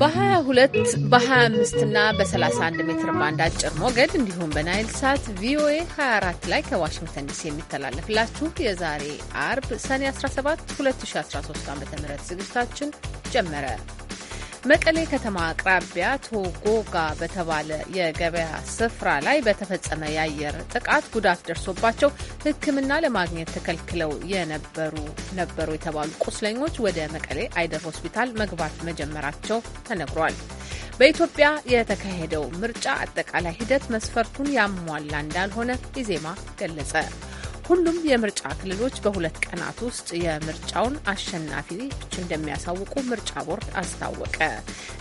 በ22 በ25 እና በ31 ሜትር ባንድ አጭር ሞገድ እንዲሁም በናይል ሳት ቪኦኤ 24 ላይ ከዋሽንግተን ዲሲ የሚተላለፍላችሁ የዛሬ አርብ ሰኔ 17 2013 ዓ ም ዝግጅታችን ጀመረ። መቀሌ ከተማ አቅራቢያ ቶጎጋ በተባለ የገበያ ስፍራ ላይ በተፈጸመ የአየር ጥቃት ጉዳት ደርሶባቸው ሕክምና ለማግኘት ተከልክለው የነበሩ ነበሩ የተባሉ ቁስለኞች ወደ መቀሌ አይደር ሆስፒታል መግባት መጀመራቸው ተነግሯል። በኢትዮጵያ የተካሄደው ምርጫ አጠቃላይ ሂደት መስፈርቱን ያሟላ እንዳልሆነ ኢዜማ ገለጸ። ሁሉም የምርጫ ክልሎች በሁለት ቀናት ውስጥ የምርጫውን አሸናፊዎች እንደሚያሳውቁ ምርጫ ቦርድ አስታወቀ።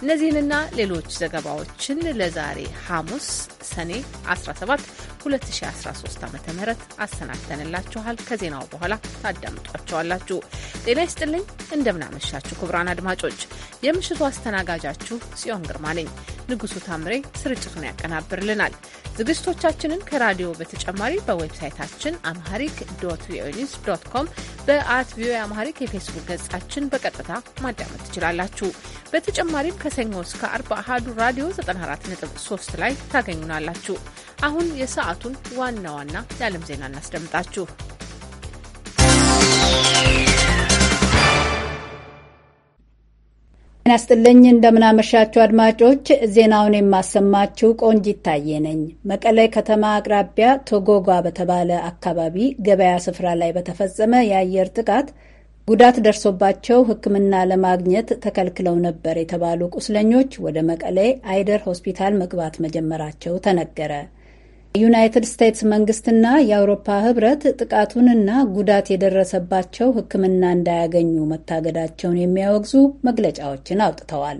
እነዚህንና ሌሎች ዘገባዎችን ለዛሬ ሐሙስ ሰኔ 17 2013 ዓ ም አሰናድተንላችኋል። ከዜናው በኋላ ታዳምጧቸዋላችሁ። ጤና ይስጥልኝ። እንደምናመሻችሁ ክቡራን አድማጮች፣ የምሽቱ አስተናጋጃችሁ ጽዮን ግርማ ነኝ። ንጉሱ ታምሬ ስርጭቱን ያቀናብርልናል። ዝግጅቶቻችንን ከራዲዮ በተጨማሪ በዌብሳይታችን አምሃ አምሃሪክ ዶት ቪኦኤ ኒውስ ዶት ኮም በአት ቪኦኤ አምሃሪክ የፌስቡክ ገጻችን በቀጥታ ማዳመጥ ትችላላችሁ። በተጨማሪም ከሰኞ እስከ አርብ አሀዱ ራዲዮ 94.3 ላይ ታገኙናላችሁ። አሁን የሰዓቱን ዋና ዋና የዓለም ዜና እናስደምጣችሁ። ናስጥልኝ እንደምናመሻችሁ አድማጮች፣ ዜናውን የማሰማችሁ ቆንጅ ይታየ ነኝ። መቀለ ከተማ አቅራቢያ ቶጎጓ በተባለ አካባቢ ገበያ ስፍራ ላይ በተፈጸመ የአየር ጥቃት ጉዳት ደርሶባቸው ሕክምና ለማግኘት ተከልክለው ነበር የተባሉ ቁስለኞች ወደ መቀሌ አይደር ሆስፒታል መግባት መጀመራቸው ተነገረ። የዩናይትድ ስቴትስ መንግስትና የአውሮፓ ህብረት ጥቃቱንና ጉዳት የደረሰባቸው ሕክምና እንዳያገኙ መታገዳቸውን የሚያወግዙ መግለጫዎችን አውጥተዋል።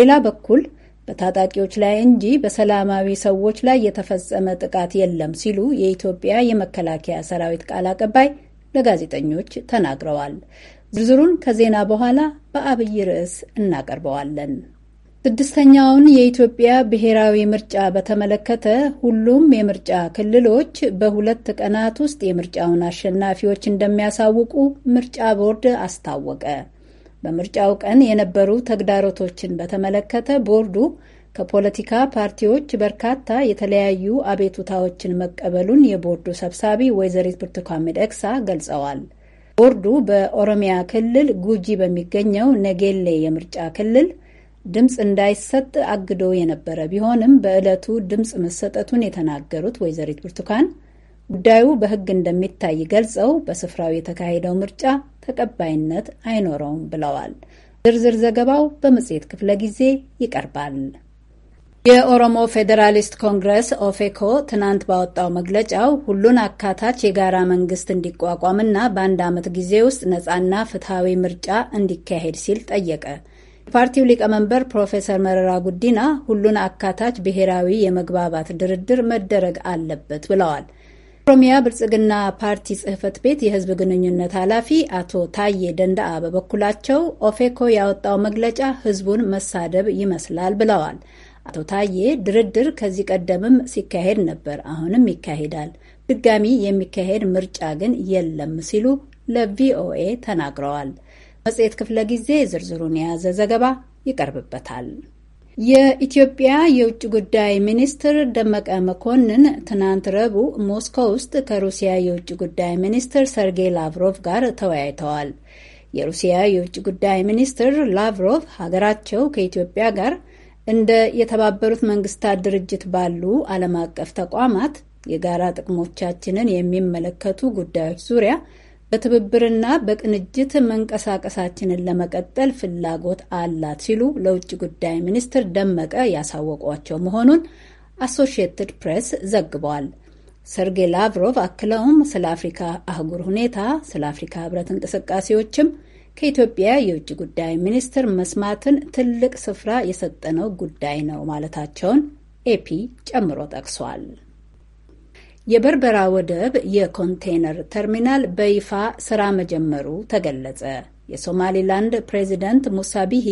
ሌላ በኩል በታጣቂዎች ላይ እንጂ በሰላማዊ ሰዎች ላይ የተፈጸመ ጥቃት የለም ሲሉ የኢትዮጵያ የመከላከያ ሰራዊት ቃል አቀባይ ለጋዜጠኞች ተናግረዋል። ዝርዝሩን ከዜና በኋላ በአብይ ርዕስ እናቀርበዋለን። ስድስተኛውን የኢትዮጵያ ብሔራዊ ምርጫ በተመለከተ ሁሉም የምርጫ ክልሎች በሁለት ቀናት ውስጥ የምርጫውን አሸናፊዎች እንደሚያሳውቁ ምርጫ ቦርድ አስታወቀ። በምርጫው ቀን የነበሩ ተግዳሮቶችን በተመለከተ ቦርዱ ከፖለቲካ ፓርቲዎች በርካታ የተለያዩ አቤቱታዎችን መቀበሉን የቦርዱ ሰብሳቢ ወይዘሪት ብርቱካን ሚደቅሳ ገልጸዋል። ቦርዱ በኦሮሚያ ክልል ጉጂ በሚገኘው ነጌሌ የምርጫ ክልል ድምፅ እንዳይሰጥ አግዶ የነበረ ቢሆንም በዕለቱ ድምፅ መሰጠቱን የተናገሩት ወይዘሪት ብርቱካን ጉዳዩ በሕግ እንደሚታይ ገልጸው በስፍራው የተካሄደው ምርጫ ተቀባይነት አይኖረውም ብለዋል። ዝርዝር ዘገባው በመጽሔት ክፍለ ጊዜ ይቀርባል። የኦሮሞ ፌዴራሊስት ኮንግረስ ኦፌኮ ትናንት ባወጣው መግለጫው ሁሉን አካታች የጋራ መንግስት እንዲቋቋምና በአንድ ዓመት ጊዜ ውስጥ ነፃና ፍትሐዊ ምርጫ እንዲካሄድ ሲል ጠየቀ። የፓርቲው ሊቀመንበር ፕሮፌሰር መረራ ጉዲና ሁሉን አካታች ብሔራዊ የመግባባት ድርድር መደረግ አለበት ብለዋል። ኦሮሚያ ብልጽግና ፓርቲ ጽህፈት ቤት የህዝብ ግንኙነት ኃላፊ አቶ ታዬ ደንዳአ በበኩላቸው ኦፌኮ ያወጣው መግለጫ ህዝቡን መሳደብ ይመስላል ብለዋል። አቶ ታዬ ድርድር ከዚህ ቀደምም ሲካሄድ ነበር፣ አሁንም ይካሄዳል። ድጋሚ የሚካሄድ ምርጫ ግን የለም ሲሉ ለቪኦኤ ተናግረዋል። መጽሔት ክፍለ ጊዜ ዝርዝሩን የያዘ ዘገባ ይቀርብበታል። የኢትዮጵያ የውጭ ጉዳይ ሚኒስትር ደመቀ መኮንን ትናንት ረቡዕ ሞስኮ ውስጥ ከሩሲያ የውጭ ጉዳይ ሚኒስትር ሰርጌይ ላቭሮቭ ጋር ተወያይተዋል። የሩሲያ የውጭ ጉዳይ ሚኒስትር ላቭሮቭ ሀገራቸው ከኢትዮጵያ ጋር እንደ የተባበሩት መንግስታት ድርጅት ባሉ ዓለም አቀፍ ተቋማት የጋራ ጥቅሞቻችንን የሚመለከቱ ጉዳዮች ዙሪያ በትብብርና በቅንጅት መንቀሳቀሳችንን ለመቀጠል ፍላጎት አላት ሲሉ ለውጭ ጉዳይ ሚኒስትር ደመቀ ያሳወቋቸው መሆኑን አሶሽየትድ ፕሬስ ዘግቧል። ሰርጌይ ላቭሮቭ አክለውም ስለ አፍሪካ አህጉር ሁኔታ፣ ስለ አፍሪካ ህብረት እንቅስቃሴዎችም ከኢትዮጵያ የውጭ ጉዳይ ሚኒስትር መስማትን ትልቅ ስፍራ የሰጠነው ጉዳይ ነው ማለታቸውን ኤፒ ጨምሮ ጠቅሷል። የበርበራ ወደብ የኮንቴይነር ተርሚናል በይፋ ስራ መጀመሩ ተገለጸ። የሶማሊላንድ ፕሬዚደንት ሙሳ ቢሂ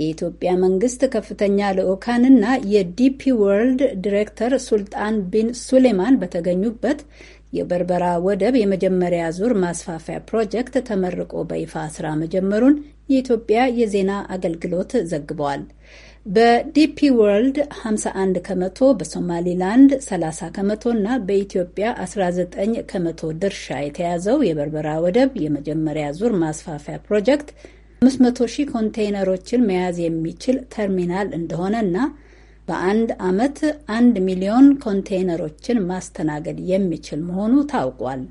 የኢትዮጵያ መንግስት ከፍተኛ ልዑካንና የዲፒ ወርልድ ዲሬክተር ሱልጣን ቢን ሱሌማን በተገኙበት የበርበራ ወደብ የመጀመሪያ ዙር ማስፋፊያ ፕሮጀክት ተመርቆ በይፋ ስራ መጀመሩን የኢትዮጵያ የዜና አገልግሎት ዘግቧል። በዲፒ ወርልድ 51 ከመቶ፣ በሶማሊላንድ 30 ከመቶ እና በኢትዮጵያ 19 ከመቶ ድርሻ የተያዘው የበርበራ ወደብ የመጀመሪያ ዙር ማስፋፊያ ፕሮጀክት 500 ሺህ ኮንቴይነሮችን መያዝ የሚችል ተርሚናል እንደሆነ እና በአንድ ዓመት 1 ሚሊዮን ኮንቴይነሮችን ማስተናገድ የሚችል መሆኑ ታውቋል።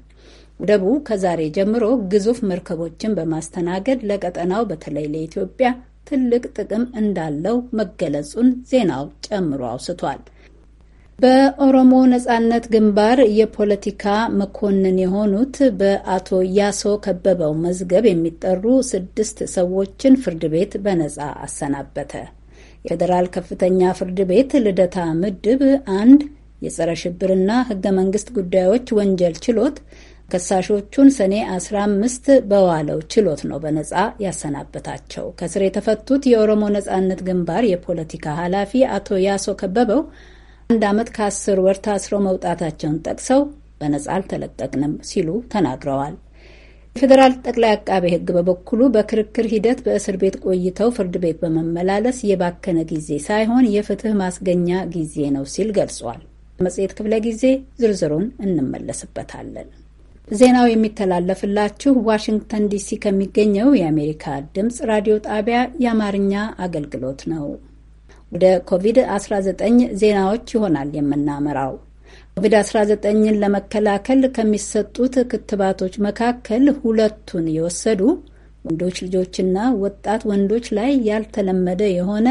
ወደቡ ከዛሬ ጀምሮ ግዙፍ መርከቦችን በማስተናገድ ለቀጠናው በተለይ ለኢትዮጵያ ትልቅ ጥቅም እንዳለው መገለጹን ዜናው ጨምሮ አውስቷል። በኦሮሞ ነጻነት ግንባር የፖለቲካ መኮንን የሆኑት በአቶ ያሶ ከበበው መዝገብ የሚጠሩ ስድስት ሰዎችን ፍርድ ቤት በነጻ አሰናበተ። የፌዴራል ከፍተኛ ፍርድ ቤት ልደታ ምድብ አንድ የጸረ ሽብርና ሕገ መንግስት ጉዳዮች ወንጀል ችሎት ከሳሾቹን ሰኔ 15 በዋለው ችሎት ነው በነጻ ያሰናበታቸው። ከስር የተፈቱት የኦሮሞ ነጻነት ግንባር የፖለቲካ ኃላፊ አቶ ያሶ ከበበው አንድ ዓመት ከአስር ወር ታስረው መውጣታቸውን ጠቅሰው በነጻ አልተለቀቅንም ሲሉ ተናግረዋል። የፌዴራል ጠቅላይ አቃቤ ሕግ በበኩሉ በክርክር ሂደት በእስር ቤት ቆይተው ፍርድ ቤት በመመላለስ የባከነ ጊዜ ሳይሆን የፍትህ ማስገኛ ጊዜ ነው ሲል ገልጿል። መጽሔት ክፍለ ጊዜ ዝርዝሩን እንመለስበታለን። ዜናው የሚተላለፍላችሁ ዋሽንግተን ዲሲ ከሚገኘው የአሜሪካ ድምፅ ራዲዮ ጣቢያ የአማርኛ አገልግሎት ነው። ወደ ኮቪድ-19 ዜናዎች ይሆናል የምናመራው። ኮቪድ-19ን ለመከላከል ከሚሰጡት ክትባቶች መካከል ሁለቱን የወሰዱ ወንዶች ልጆችና ወጣት ወንዶች ላይ ያልተለመደ የሆነ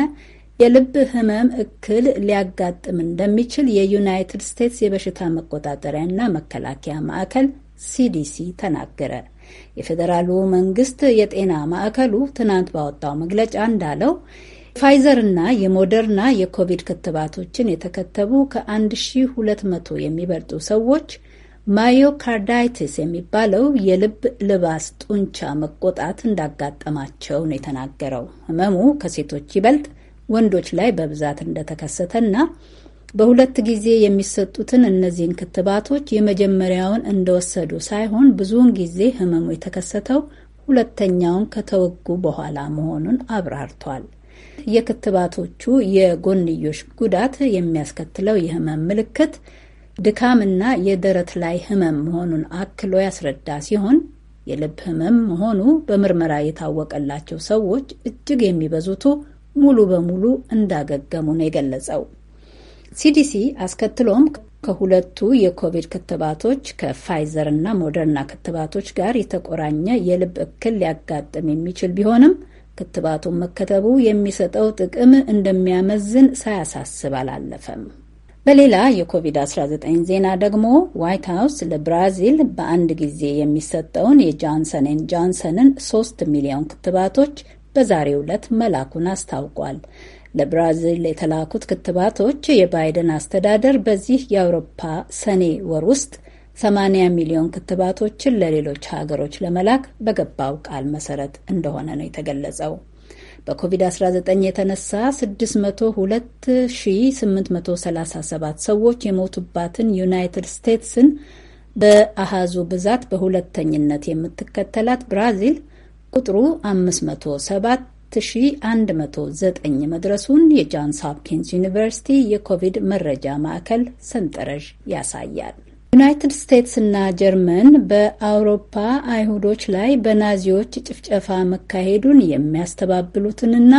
የልብ ህመም እክል ሊያጋጥም እንደሚችል የዩናይትድ ስቴትስ የበሽታ መቆጣጠሪያና መከላከያ ማዕከል ሲዲሲ ተናገረ። የፌዴራሉ መንግስት የጤና ማዕከሉ ትናንት ባወጣው መግለጫ እንዳለው የፋይዘርና የሞደርና የኮቪድ ክትባቶችን የተከተቡ ከ1200 የሚበልጡ ሰዎች ማዮካርዳይትስ የሚባለው የልብ ልባስ ጡንቻ መቆጣት እንዳጋጠማቸው ነው የተናገረው። ህመሙ ከሴቶች ይበልጥ ወንዶች ላይ በብዛት እንደተከሰተና በሁለት ጊዜ የሚሰጡትን እነዚህን ክትባቶች የመጀመሪያውን እንደወሰዱ ሳይሆን ብዙውን ጊዜ ህመሙ የተከሰተው ሁለተኛውን ከተወጉ በኋላ መሆኑን አብራርቷል። የክትባቶቹ የጎንዮሽ ጉዳት የሚያስከትለው የህመም ምልክት ድካምና የደረት ላይ ህመም መሆኑን አክሎ ያስረዳ ሲሆን የልብ ህመም መሆኑ በምርመራ የታወቀላቸው ሰዎች እጅግ የሚበዙቱ ሙሉ በሙሉ እንዳገገሙ ነው የገለጸው። ሲዲሲ አስከትሎም ከሁለቱ የኮቪድ ክትባቶች ከፋይዘር እና ሞደርና ክትባቶች ጋር የተቆራኘ የልብ እክል ሊያጋጥም የሚችል ቢሆንም ክትባቱን መከተቡ የሚሰጠው ጥቅም እንደሚያመዝን ሳያሳስብ አላለፈም። በሌላ የኮቪድ-19 ዜና ደግሞ ዋይት ሀውስ ለብራዚል በአንድ ጊዜ የሚሰጠውን የጃንሰን ጃንሰንን 3 ሚሊዮን ክትባቶች በዛሬው ዕለት መላኩን አስታውቋል። ለብራዚል የተላኩት ክትባቶች የባይደን አስተዳደር በዚህ የአውሮፓ ሰኔ ወር ውስጥ 80 ሚሊዮን ክትባቶችን ለሌሎች ሀገሮች ለመላክ በገባው ቃል መሰረት እንደሆነ ነው የተገለጸው። በኮቪድ-19 የተነሳ 602837 ሰዎች የሞቱባትን ዩናይትድ ስቴትስን በአሃዙ ብዛት በሁለተኝነት የምትከተላት ብራዚል ቁጥሩ 507 4109 መድረሱን የጃንስ ሆፕኪንስ ዩኒቨርሲቲ የኮቪድ መረጃ ማዕከል ሰንጠረዥ ያሳያል። ዩናይትድ ስቴትስ እና ጀርመን በአውሮፓ አይሁዶች ላይ በናዚዎች ጭፍጨፋ መካሄዱን የሚያስተባብሉትንና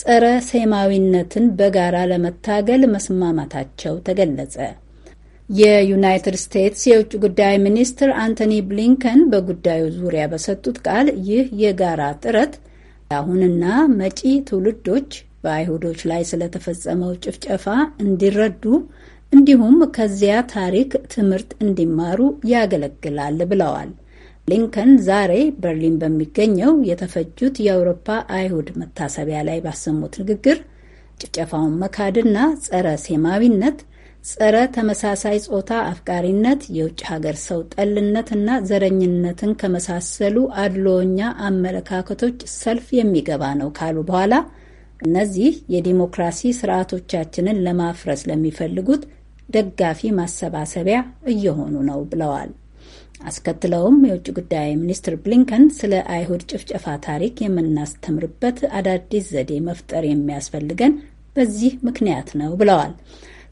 ጸረ ሴማዊነትን በጋራ ለመታገል መስማማታቸው ተገለጸ። የዩናይትድ ስቴትስ የውጭ ጉዳይ ሚኒስትር አንቶኒ ብሊንከን በጉዳዩ ዙሪያ በሰጡት ቃል ይህ የጋራ ጥረት አሁንና መጪ ትውልዶች በአይሁዶች ላይ ስለተፈጸመው ጭፍጨፋ እንዲረዱ እንዲሁም ከዚያ ታሪክ ትምህርት እንዲማሩ ያገለግላል ብለዋል። ሊንከን ዛሬ በርሊን በሚገኘው የተፈጁት የአውሮፓ አይሁድ መታሰቢያ ላይ ባሰሙት ንግግር ጭፍጨፋውን መካድና ጸረ ሴማዊነት ጸረ ተመሳሳይ ጾታ አፍቃሪነት፣ የውጭ ሀገር ሰው ጠልነትና ዘረኝነትን ከመሳሰሉ አድሎኛ አመለካከቶች ሰልፍ የሚገባ ነው ካሉ በኋላ እነዚህ የዲሞክራሲ ስርዓቶቻችንን ለማፍረስ ለሚፈልጉት ደጋፊ ማሰባሰቢያ እየሆኑ ነው ብለዋል። አስከትለውም የውጭ ጉዳይ ሚኒስትር ብሊንከን ስለ አይሁድ ጭፍጨፋ ታሪክ የምናስተምርበት አዳዲስ ዘዴ መፍጠር የሚያስፈልገን በዚህ ምክንያት ነው ብለዋል።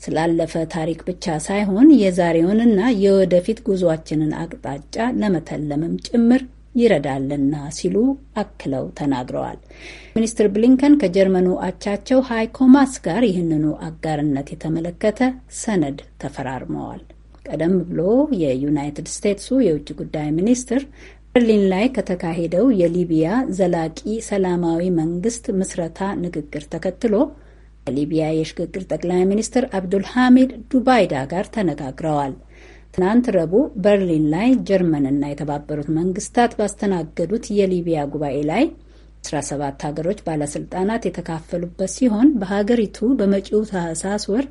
ስላለፈ ታሪክ ብቻ ሳይሆን የዛሬውንና የወደፊት ጉዟችንን አቅጣጫ ለመተለምም ጭምር ይረዳልና ሲሉ አክለው ተናግረዋል። ሚኒስትር ብሊንከን ከጀርመኑ አቻቸው ሃይኮ ማስ ጋር ይህንኑ አጋርነት የተመለከተ ሰነድ ተፈራርመዋል። ቀደም ብሎ የዩናይትድ ስቴትሱ የውጭ ጉዳይ ሚኒስትር በርሊን ላይ ከተካሄደው የሊቢያ ዘላቂ ሰላማዊ መንግስት ምስረታ ንግግር ተከትሎ ከሊቢያ የሽግግር ጠቅላይ ሚኒስትር አብዱልሐሚድ ዱባይዳ ጋር ተነጋግረዋል። ትናንት ረቡዕ በርሊን ላይ ጀርመንና የተባበሩት መንግስታት ባስተናገዱት የሊቢያ ጉባኤ ላይ 17 ሀገሮች ባለስልጣናት የተካፈሉበት ሲሆን በሀገሪቱ በመጪው ታህሳስ ወር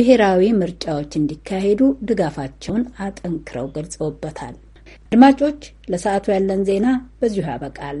ብሔራዊ ምርጫዎች እንዲካሄዱ ድጋፋቸውን አጠንክረው ገልጸውበታል። አድማጮች፣ ለሰዓቱ ያለን ዜና በዚሁ ያበቃል።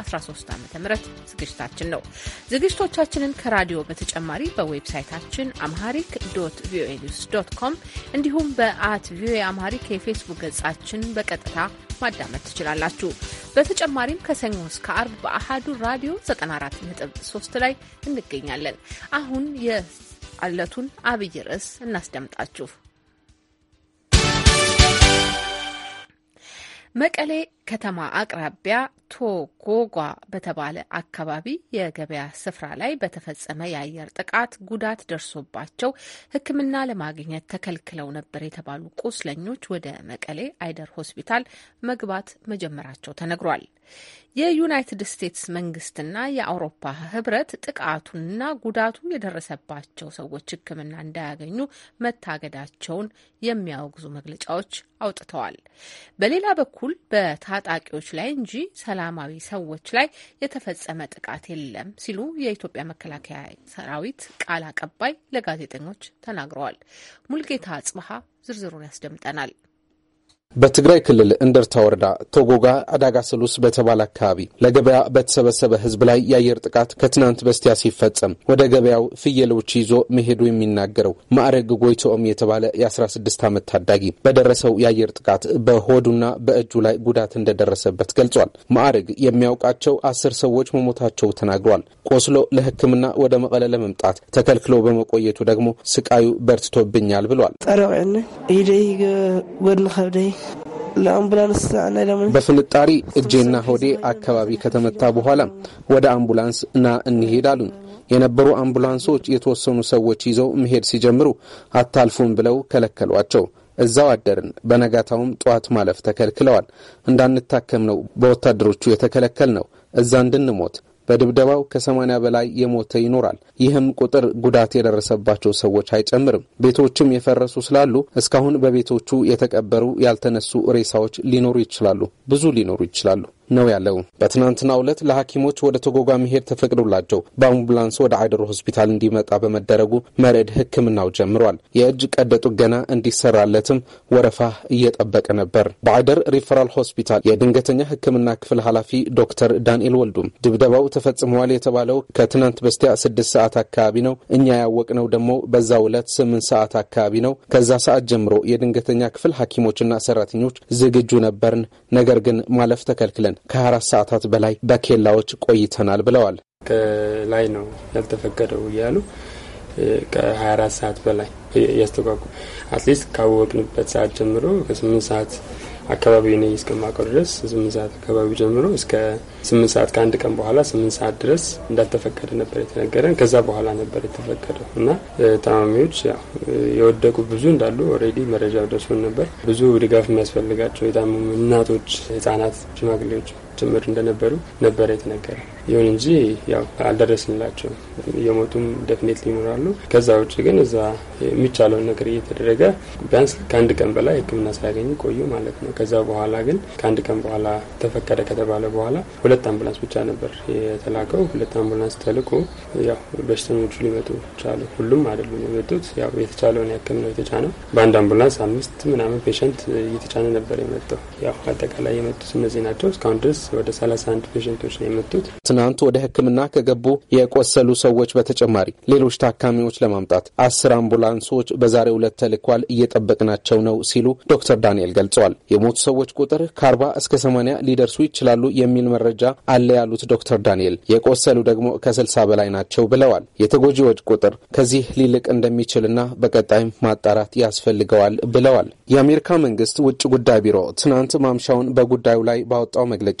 2013 ዓ ም ዝግጅታችን ነው። ዝግጅቶቻችንን ከራዲዮ በተጨማሪ በዌብሳይታችን አምሃሪክ ዶት ቪኦኤ ኒውስ ዶት ኮም እንዲሁም በአት ቪኦኤ አምሃሪክ የፌስቡክ ገጻችን በቀጥታ ማዳመጥ ትችላላችሁ። በተጨማሪም ከሰኞ እስከ አርብ በአሃዱ ራዲዮ 94.3 ላይ እንገኛለን። አሁን የአለቱን አብይ ርዕስ እናስደምጣችሁ። መቀሌ ከተማ አቅራቢያ ቶጎጓ በተባለ አካባቢ የገበያ ስፍራ ላይ በተፈጸመ የአየር ጥቃት ጉዳት ደርሶባቸው ሕክምና ለማግኘት ተከልክለው ነበር የተባሉ ቁስለኞች ወደ መቀሌ አይደር ሆስፒታል መግባት መጀመራቸው ተነግሯል። የዩናይትድ ስቴትስ መንግስትና የአውሮፓ ህብረት ጥቃቱንና ጉዳቱ የደረሰባቸው ሰዎች ሕክምና እንዳያገኙ መታገዳቸውን የሚያወግዙ መግለጫዎች አውጥተዋል። በሌላ በኩል በታ ታጣቂዎች ላይ እንጂ ሰላማዊ ሰዎች ላይ የተፈጸመ ጥቃት የለም ሲሉ የኢትዮጵያ መከላከያ ሰራዊት ቃል አቀባይ ለጋዜጠኞች ተናግረዋል። ሙልጌታ አጽብሃ ዝርዝሩን ያስደምጠናል። በትግራይ ክልል እንደርታ ወረዳ ቶጎጋ አዳጋ ስሉስ በተባለ አካባቢ ለገበያ በተሰበሰበ ሕዝብ ላይ የአየር ጥቃት ከትናንት በስቲያ ሲፈጸም ወደ ገበያው ፍየሎች ይዞ መሄዱ የሚናገረው ማዕረግ ጎይቶኦም የተባለ የ16 ዓመት ታዳጊ በደረሰው የአየር ጥቃት በሆዱና በእጁ ላይ ጉዳት እንደደረሰበት ገልጿል። ማዕረግ የሚያውቃቸው አስር ሰዎች መሞታቸው ተናግሯል። ቆስሎ ለሕክምና ወደ መቀለ ለመምጣት ተከልክሎ በመቆየቱ ደግሞ ስቃዩ በርትቶብኛል ብሏል። ለአምቡላንስ እና ለምን በፍንጣሪ እጄና ሆዴ አካባቢ ከተመታ በኋላ ወደ አምቡላንስ ና እንሄድ የነበሩ አምቡላንሶች የተወሰኑ ሰዎች ይዘው መሄድ ሲጀምሩ አታልፉም ብለው ከለከሏቸው። እዛው አደርን። በነጋታውም ጠዋት ማለፍ ተከልክለዋል። እንዳንታከም ነው በወታደሮቹ የተከለከል ነው እዛ እንድንሞት በድብደባው ከሰማኒያ በላይ የሞተ ይኖራል። ይህም ቁጥር ጉዳት የደረሰባቸው ሰዎች አይጨምርም። ቤቶችም የፈረሱ ስላሉ እስካሁን በቤቶቹ የተቀበሩ ያልተነሱ ሬሳዎች ሊኖሩ ይችላሉ፣ ብዙ ሊኖሩ ይችላሉ። ነው ያለው። በትናንትና ዕለት ለሐኪሞች ወደ ቶጎጋ መሄድ ተፈቅዶላቸው በአምቡላንስ ወደ አይደር ሆስፒታል እንዲመጣ በመደረጉ መርዕድ ሕክምናው ጀምሯል። የእጅ ቀዶ ጥገና እንዲሰራለትም ወረፋ እየጠበቀ ነበር። በአይደር ሪፈራል ሆስፒታል የድንገተኛ ሕክምና ክፍል ኃላፊ ዶክተር ዳንኤል ወልዱም ድብደባው ተፈጽመዋል የተባለው ከትናንት በስቲያ ስድስት ሰዓት አካባቢ ነው። እኛ ያወቅነው ደግሞ በዛው ዕለት ስምንት ሰዓት አካባቢ ነው። ከዛ ሰዓት ጀምሮ የድንገተኛ ክፍል ሐኪሞችና ሰራተኞች ዝግጁ ነበርን። ነገር ግን ማለፍ ተከልክለን ከአራት ሰዓታት በላይ በኬላዎች ቆይተናል ብለዋል። ከላይ ነው ያልተፈቀደው እያሉ ከ24 ሰዓት በላይ ያስተጓጉ አትሊስት ካወቅንበት ሰዓት ጀምሮ ከስምንት ሰዓት አካባቢ እኔ እስከማውቀው ድረስ ስምንት ሰዓት አካባቢ ጀምሮ እስከ ስምንት ሰዓት ከአንድ ቀን በኋላ ስምንት ሰዓት ድረስ እንዳልተፈቀደ ነበር የተነገረን። ከዛ በኋላ ነበር የተፈቀደው እና ታማሚዎች የወደቁ ብዙ እንዳሉ ኦልሬዲ መረጃ ደርሶን ነበር። ብዙ ድጋፍ የሚያስፈልጋቸው የታመሙ እናቶች፣ ህጻናት፣ ሽማግሌዎች ጭምር እንደነበሩ ነበረ የተነገረ። ይሁን እንጂ ያው አልደረስንላቸው የሞቱም ደፍኔት ሊኖራሉ። ከዛ ውጭ ግን እዛ የሚቻለውን ነገር እየተደረገ ቢያንስ ከአንድ ቀን በላይ ሕክምና ሳያገኙ ቆዩ ማለት ነው። ከዛ በኋላ ግን ከአንድ ቀን በኋላ ተፈቀደ ከተባለ በኋላ ሁለት አምቡላንስ ብቻ ነበር የተላከው። ሁለት አምቡላንስ ተልቆ ያው በሽተኞቹ ሊመጡ ቻሉ። ሁሉም አይደሉም የመጡት። ያው የተቻለውን ያክል ነው የተጫነው። በአንድ አምቡላንስ አምስት ምናምን ፔሸንት እየተጫነ ነበር የመጣው። ያው አጠቃላይ የመጡት እነዚህ ናቸው። እስካሁን ድረስ ወደ 31 ፔሸንቶች ነው የመጡት። ትናንት ወደ ሕክምና ከገቡ የቆሰሉ ሰዎች በተጨማሪ ሌሎች ታካሚዎች ለማምጣት አስር አምቡላንሶች በዛሬው ዕለት ተልኳል፣ እየጠበቅናቸው ነው ሲሉ ዶክተር ዳንኤል ገልጸዋል። የሞቱ ሰዎች ቁጥር ከአርባ እስከ ሰማንያ ሊደርሱ ይችላሉ የሚል መረጃ አለ ያሉት ዶክተር ዳንኤል የቆሰሉ ደግሞ ከስልሳ በላይ ናቸው ብለዋል። የተጎጂዎች ቁጥር ከዚህ ሊልቅ እንደሚችልና በቀጣይም ማጣራት ያስፈልገዋል ብለዋል። የአሜሪካ መንግስት ውጭ ጉዳይ ቢሮ ትናንት ማምሻውን በጉዳዩ ላይ ባወጣው መግለጫ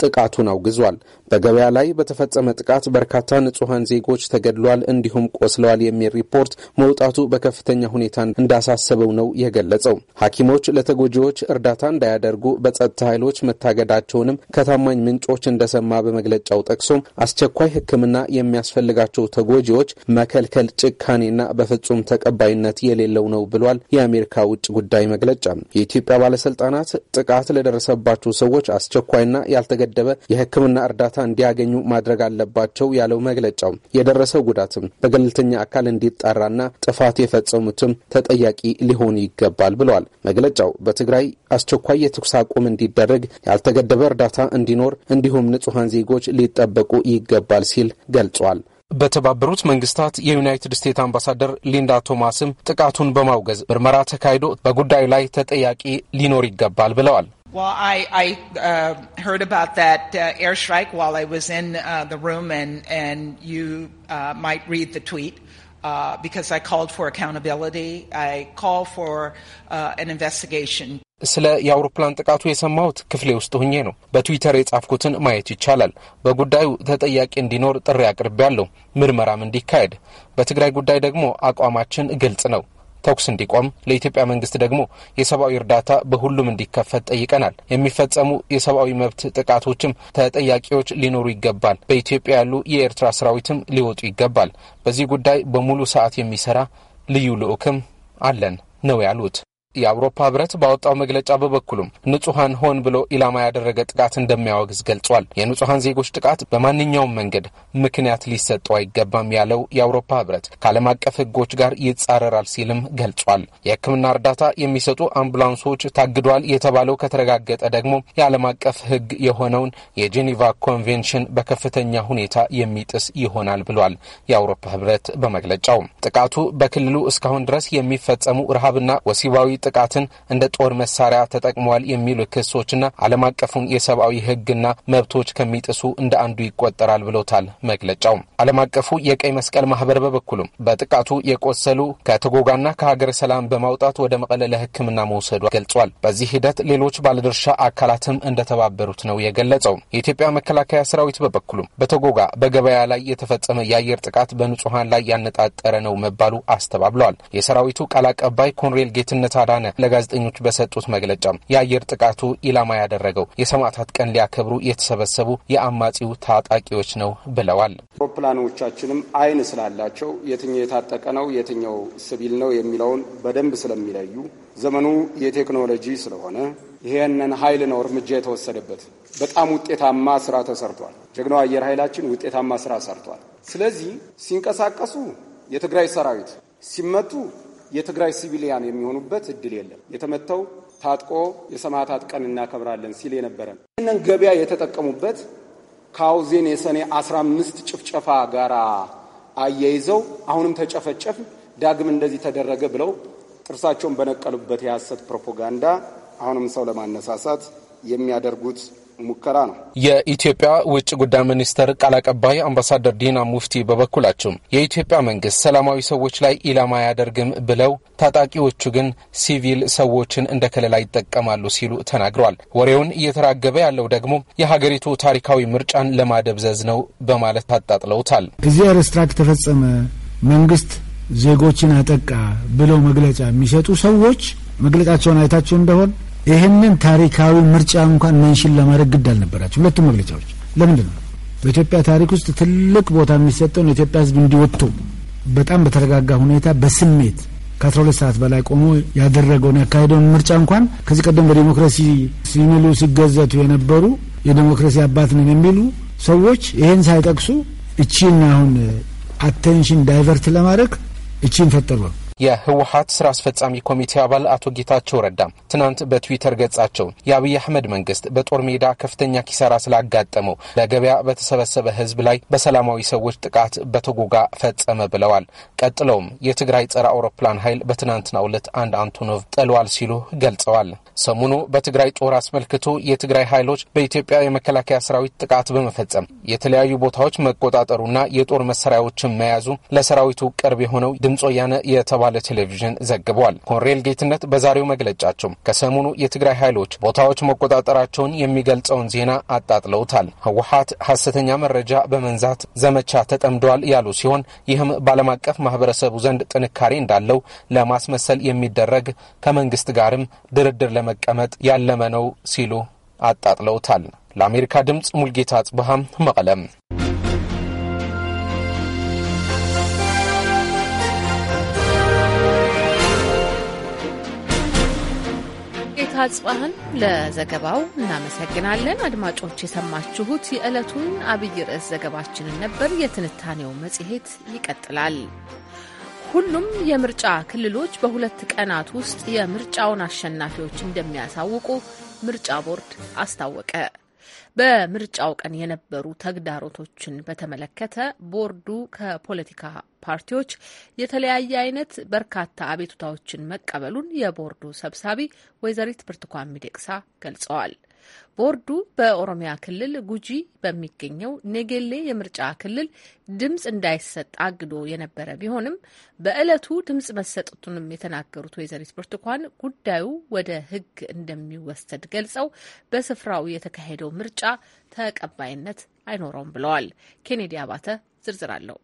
ጥቃቱን አውግዟል። በገበያ ላይ በተፈጸመ ጥቃት በርካታ ንጹሐን ዜጎች ተገድሏል፣ እንዲሁም ቆስለዋል የሚል ሪፖርት መውጣቱ በከፍተኛ ሁኔታ እንዳሳሰበው ነው የገለጸው። ሐኪሞች ለተጎጂዎች እርዳታ እንዳያደርጉ በጸጥታ ኃይሎች መታገዳቸውንም ከታማኝ ምንጮች እንደሰማ በመግለጫው ጠቅሶም አስቸኳይ ሕክምና የሚያስፈልጋቸው ተጎጂዎች መከልከል ጭካኔና በፍጹም ተቀባይነት የሌለው ነው ብሏል። የአሜሪካ ውጭ ጉዳይ መግለጫ የኢትዮጵያ ባለስልጣናት ጥቃት ለደረሰባቸው ሰዎች አስቸኳይና ያልተገ እየተገደበ የሕክምና እርዳታ እንዲያገኙ ማድረግ አለባቸው ያለው መግለጫው የደረሰው ጉዳትም በገለልተኛ አካል እንዲጣራና ጥፋት የፈጸሙትም ተጠያቂ ሊሆን ይገባል ብለዋል። መግለጫው በትግራይ አስቸኳይ የተኩስ አቁም እንዲደረግ፣ ያልተገደበ እርዳታ እንዲኖር፣ እንዲሁም ንጹሐን ዜጎች ሊጠበቁ ይገባል ሲል ገልጿል። በተባበሩት መንግስታት የዩናይትድ ስቴትስ አምባሳደር ሊንዳ ቶማስም ጥቃቱን በማውገዝ ምርመራ ተካሂዶ በጉዳዩ ላይ ተጠያቂ ሊኖር ይገባል ብለዋል። Well, I, I uh, heard about that uh, airstrike while I was in uh, the room, and, and you uh, might read the tweet. Uh, because I called for accountability. I call for uh, an investigation. ስለ የአውሮፕላን ጥቃቱ የሰማሁት ክፍሌ ውስጥ ሁኜ ነው። በትዊተር የጻፍኩትን ማየት ይቻላል። በጉዳዩ ተጠያቂ እንዲኖር ጥሪ ምርመራም እንዲካሄድ። በትግራይ ጉዳይ ደግሞ አቋማችን ግልጽ ነው። ተኩስ እንዲቆም ለኢትዮጵያ መንግስት ደግሞ የሰብአዊ እርዳታ በሁሉም እንዲከፈት ጠይቀናል። የሚፈጸሙ የሰብአዊ መብት ጥቃቶችም ተጠያቂዎች ሊኖሩ ይገባል። በኢትዮጵያ ያሉ የኤርትራ ሰራዊትም ሊወጡ ይገባል። በዚህ ጉዳይ በሙሉ ሰዓት የሚሰራ ልዩ ልዑክም አለን ነው ያሉት። የአውሮፓ ህብረት ባወጣው መግለጫ በበኩሉም ንጹሐን ሆን ብሎ ኢላማ ያደረገ ጥቃት እንደሚያወግዝ ገልጿል። የንጹሐን ዜጎች ጥቃት በማንኛውም መንገድ ምክንያት ሊሰጠው አይገባም ያለው የአውሮፓ ህብረት ከዓለም አቀፍ ህጎች ጋር ይጻረራል ሲልም ገልጿል። የህክምና እርዳታ የሚሰጡ አምቡላንሶች ታግዷል የተባለው ከተረጋገጠ ደግሞ የዓለም አቀፍ ህግ የሆነውን የጄኔቫ ኮንቬንሽን በከፍተኛ ሁኔታ የሚጥስ ይሆናል ብሏል። የአውሮፓ ህብረት በመግለጫው ጥቃቱ በክልሉ እስካሁን ድረስ የሚፈጸሙ ረሃብና ወሲባዊ ጥቃትን እንደ ጦር መሳሪያ ተጠቅሟል የሚሉ ክሶችና ዓለም አቀፉን የሰብአዊ ሕግና መብቶች ከሚጥሱ እንደ አንዱ ይቆጠራል ብሎታል መግለጫው። ዓለም አቀፉ የቀይ መስቀል ማህበር በበኩሉም በጥቃቱ የቆሰሉ ከተጎጋና ከሀገር ሰላም በማውጣት ወደ መቀለ ለሕክምና መውሰዱ ገልጿል። በዚህ ሂደት ሌሎች ባለድርሻ አካላትም እንደተባበሩት ነው የገለጸው። የኢትዮጵያ መከላከያ ሰራዊት በበኩሉም በተጎጋ በገበያ ላይ የተፈጸመ የአየር ጥቃት በንጹሐን ላይ ያነጣጠረ ነው መባሉ አስተባብለዋል። የሰራዊቱ ቃል አቀባይ ኮንሬል ጌትነት አዳ አዳነ ለጋዜጠኞች በሰጡት መግለጫም የአየር ጥቃቱ ኢላማ ያደረገው የሰማዕታት ቀን ሊያከብሩ የተሰበሰቡ የአማጺው ታጣቂዎች ነው ብለዋል። አውሮፕላኖቻችንም አይን ስላላቸው የትኛው የታጠቀ ነው፣ የትኛው ሲቪል ነው የሚለውን በደንብ ስለሚለዩ ዘመኑ የቴክኖሎጂ ስለሆነ ይህንን ኃይል ነው እርምጃ የተወሰደበት። በጣም ውጤታማ ስራ ተሰርቷል። ጀግናው አየር ኃይላችን ውጤታማ ስራ ሰርቷል። ስለዚህ ሲንቀሳቀሱ የትግራይ ሰራዊት ሲመቱ የትግራይ ሲቪሊያን የሚሆኑበት እድል የለም። የተመተው ታጥቆ የሰማዕታት ቀን እናከብራለን ሲል የነበረ ይህንን ገበያ የተጠቀሙበት ከአውዜን የሰኔ 15 ጭፍጨፋ ጋር አያይዘው አሁንም ተጨፈጨፍ ዳግም እንደዚህ ተደረገ ብለው ጥርሳቸውን በነቀሉበት የሐሰት ፕሮፓጋንዳ አሁንም ሰው ለማነሳሳት የሚያደርጉት ሙከራ ነው። የኢትዮጵያ ውጭ ጉዳይ ሚኒስቴር ቃል አቀባይ አምባሳደር ዲና ሙፍቲ በበኩላቸው የኢትዮጵያ መንግስት ሰላማዊ ሰዎች ላይ ኢላማ አያደርግም ብለው ታጣቂዎቹ ግን ሲቪል ሰዎችን እንደ ከለላ ይጠቀማሉ ሲሉ ተናግረዋል። ወሬውን እየተራገበ ያለው ደግሞ የሀገሪቱ ታሪካዊ ምርጫን ለማደብዘዝ ነው በማለት አጣጥለውታል። እዚህ ርስትራክ ተፈጸመ፣ መንግስት ዜጎችን አጠቃ ብለው መግለጫ የሚሰጡ ሰዎች መግለጫቸውን አይታቸው እንደሆን ይህንን ታሪካዊ ምርጫ እንኳን መንሽን ለማድረግ ግድ አልነበራቸው ሁለቱም መግለጫዎች። ለምንድን ነው በኢትዮጵያ ታሪክ ውስጥ ትልቅ ቦታ የሚሰጠውን የኢትዮጵያ ሕዝብ እንዲወጥቶ በጣም በተረጋጋ ሁኔታ በስሜት ከአስራ ሁለት ሰዓት በላይ ቆሞ ያደረገውን ያካሄደውን ምርጫ እንኳን ከዚህ ቀደም በዲሞክራሲ ሲሚሉ ሲገዘቱ የነበሩ የዲሞክራሲ አባት ነን የሚሉ ሰዎች ይህን ሳይጠቅሱ እቺን አሁን አቴንሽን ዳይቨርት ለማድረግ እቺን ፈጠሩ። የህወሀት ስራ አስፈጻሚ ኮሚቴ አባል አቶ ጌታቸው ረዳ ትናንት በትዊተር ገጻቸው የአብይ አህመድ መንግስት በጦር ሜዳ ከፍተኛ ኪሳራ ስላጋጠመው ለገበያ በተሰበሰበ ህዝብ ላይ በሰላማዊ ሰዎች ጥቃት በተጎጋ ፈጸመ ብለዋል። ቀጥለውም የትግራይ ጸረ አውሮፕላን ኃይል በትናንትናው ዕለት አንድ አንቶኖቭ ጥሏል ሲሉ ገልጸዋል። ሰሞኑ በትግራይ ጦር አስመልክቶ የትግራይ ኃይሎች በኢትዮጵያ የመከላከያ ሰራዊት ጥቃት በመፈጸም የተለያዩ ቦታዎች መቆጣጠሩና የጦር መሳሪያዎችን መያዙ ለሰራዊቱ ቅርብ የሆነው ድምፅ ወያነ የተባለ ቴሌቪዥን ዘግቧል። ኮንሬል ጌትነት በዛሬው መግለጫቸው ከሰሞኑ የትግራይ ኃይሎች ቦታዎች መቆጣጠራቸውን የሚገልጸውን ዜና አጣጥለውታል። ህወሀት ሀሰተኛ መረጃ በመንዛት ዘመቻ ተጠምደዋል ያሉ ሲሆን ይህም በዓለም አቀፍ ማህበረሰቡ ዘንድ ጥንካሬ እንዳለው ለማስመሰል የሚደረግ ከመንግስት ጋርም ድርድር ለመቀመጥ ያለመ ነው ሲሉ አጣጥለውታል። ለአሜሪካ ድምፅ ሙልጌታ አጽብሃም መቀለም ሙልጌታ አጽባህን ለዘገባው እናመሰግናለን። አድማጮች የሰማችሁት የዕለቱን አብይ ርዕስ ዘገባችንን ነበር። የትንታኔው መጽሔት ይቀጥላል። ሁሉም የምርጫ ክልሎች በሁለት ቀናት ውስጥ የምርጫውን አሸናፊዎች እንደሚያሳውቁ ምርጫ ቦርድ አስታወቀ። በምርጫው ቀን የነበሩ ተግዳሮቶችን በተመለከተ ቦርዱ ከፖለቲካ ፓርቲዎች የተለያየ አይነት በርካታ አቤቱታዎችን መቀበሉን የቦርዱ ሰብሳቢ ወይዘሪት ብርቱካን ሚደቅሳ ገልጸዋል። ቦርዱ በኦሮሚያ ክልል ጉጂ በሚገኘው ኔጌሌ የምርጫ ክልል ድምፅ እንዳይሰጥ አግዶ የነበረ ቢሆንም በዕለቱ ድምፅ መሰጠቱንም የተናገሩት ወይዘሪት ብርቱካን ጉዳዩ ወደ ሕግ እንደሚወሰድ ገልጸው በስፍራው የተካሄደው ምርጫ ተቀባይነት አይኖረውም ብለዋል። ኬኔዲ አባተ ዝርዝር አለው።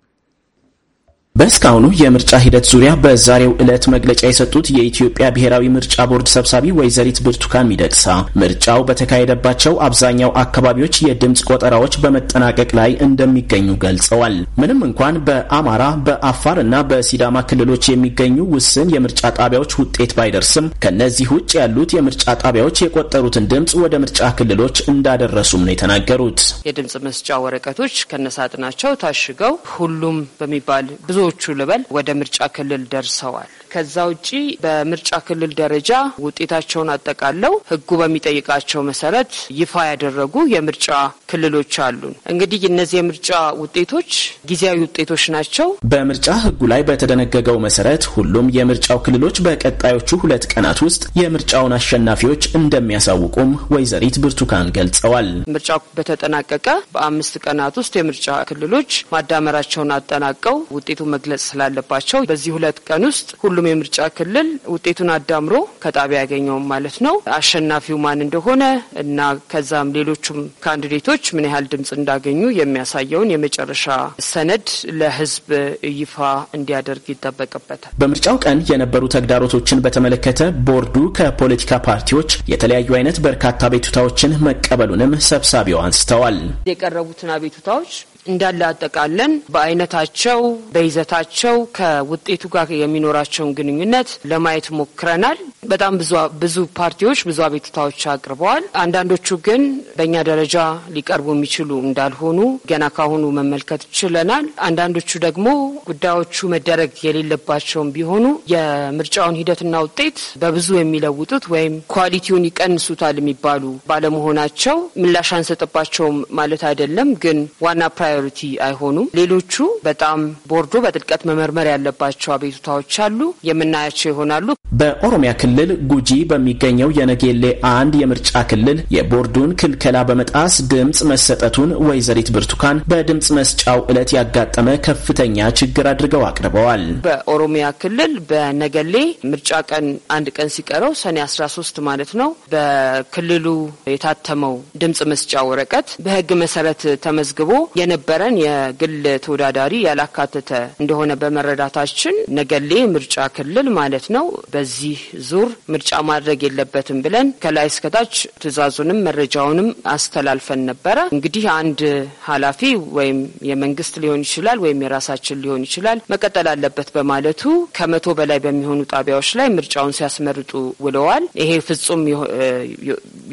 በእስካሁኑ የምርጫ ሂደት ዙሪያ በዛሬው ዕለት መግለጫ የሰጡት የኢትዮጵያ ብሔራዊ ምርጫ ቦርድ ሰብሳቢ ወይዘሪት ብርቱካን ሚደቅሳ ምርጫው በተካሄደባቸው አብዛኛው አካባቢዎች የድምፅ ቆጠራዎች በመጠናቀቅ ላይ እንደሚገኙ ገልጸዋል። ምንም እንኳን በአማራ፣ በአፋር እና በሲዳማ ክልሎች የሚገኙ ውስን የምርጫ ጣቢያዎች ውጤት ባይደርስም ከእነዚህ ውጭ ያሉት የምርጫ ጣቢያዎች የቆጠሩትን ድምፅ ወደ ምርጫ ክልሎች እንዳደረሱም ነው የተናገሩት። የድምፅ መስጫ ወረቀቶች ከነሳጥናቸው ታሽገው ሁሉም በሚባል ብዙ ብዙዎቹ ልበል ወደ ምርጫ ክልል ደርሰዋል። ከዛ ውጪ በምርጫ ክልል ደረጃ ውጤታቸውን አጠቃለው ህጉ በሚጠይቃቸው መሰረት ይፋ ያደረጉ የምርጫ ክልሎች አሉን። እንግዲህ እነዚህ የምርጫ ውጤቶች ጊዜያዊ ውጤቶች ናቸው። በምርጫ ህጉ ላይ በተደነገገው መሰረት ሁሉም የምርጫው ክልሎች በቀጣዮቹ ሁለት ቀናት ውስጥ የምርጫውን አሸናፊዎች እንደሚያሳውቁም ወይዘሪት ብርቱካን ገልጸዋል። ምርጫው በተጠናቀቀ በአምስት ቀናት ውስጥ የምርጫ ክልሎች ማዳመራቸውን አጠናቀው ውጤቱ መግለጽ ስላለባቸው በዚህ ሁለት ቀን ውስጥ ሁሉ ሁሉም የምርጫ ክልል ውጤቱን አዳምሮ ከጣቢያ ያገኘውም ማለት ነው አሸናፊው ማን እንደሆነ እና ከዛም ሌሎቹም ካንዲዴቶች ምን ያህል ድምጽ እንዳገኙ የሚያሳየውን የመጨረሻ ሰነድ ለህዝብ ይፋ እንዲያደርግ ይጠበቅበታል። በምርጫው ቀን የነበሩ ተግዳሮቶችን በተመለከተ ቦርዱ ከፖለቲካ ፓርቲዎች የተለያዩ አይነት በርካታ አቤቱታዎችን መቀበሉንም ሰብሳቢው አንስተዋል። የቀረቡትን አቤቱታዎች እንዳለ አጠቃለን በአይነታቸው በይዘታቸው ከውጤቱ ጋር የሚኖራቸውን ግንኙነት ለማየት ሞክረናል። በጣም ብዙ ፓርቲዎች ብዙ አቤቱታዎች አቅርበዋል። አንዳንዶቹ ግን በእኛ ደረጃ ሊቀርቡ የሚችሉ እንዳልሆኑ ገና ካሁኑ መመልከት ችለናል። አንዳንዶቹ ደግሞ ጉዳዮቹ መደረግ የሌለባቸውም ቢሆኑ የምርጫውን ሂደትና ውጤት በብዙ የሚለውጡት ወይም ኳሊቲውን ይቀንሱታል የሚባሉ ባለመሆናቸው ምላሽ አንሰጥባቸውም ማለት አይደለም። ግን ዋና ፕራ ፕራዮሪቲ አይሆኑም። ሌሎቹ በጣም ቦርዶ በጥልቀት መመርመር ያለባቸው አቤቱታዎች አሉ የምናያቸው ይሆናሉ። በኦሮሚያ ክልል ጉጂ በሚገኘው የነጌሌ አንድ የምርጫ ክልል የቦርዱን ክልከላ በመጣስ ድምፅ መሰጠቱን ወይዘሪት ብርቱካን በድምፅ መስጫው ዕለት ያጋጠመ ከፍተኛ ችግር አድርገው አቅርበዋል። በኦሮሚያ ክልል በነገሌ ምርጫ ቀን አንድ ቀን ሲቀረው ሰኔ 13 ማለት ነው። በክልሉ የታተመው ድምፅ መስጫ ወረቀት በሕግ መሰረት ተመዝግቦ የነበረን የግል ተወዳዳሪ ያላካተተ እንደሆነ በመረዳታችን ነገሌ ምርጫ ክልል ማለት ነው በዚህ ዙር ምርጫ ማድረግ የለበትም ብለን ከላይ እስከታች ትዕዛዙንም መረጃውንም አስተላልፈን ነበረ። እንግዲህ አንድ ኃላፊ ወይም የመንግስት ሊሆን ይችላል ወይም የራሳችን ሊሆን ይችላል መቀጠል አለበት በማለቱ ከመቶ በላይ በሚሆኑ ጣቢያዎች ላይ ምርጫውን ሲያስመርጡ ውለዋል። ይሄ ፍጹም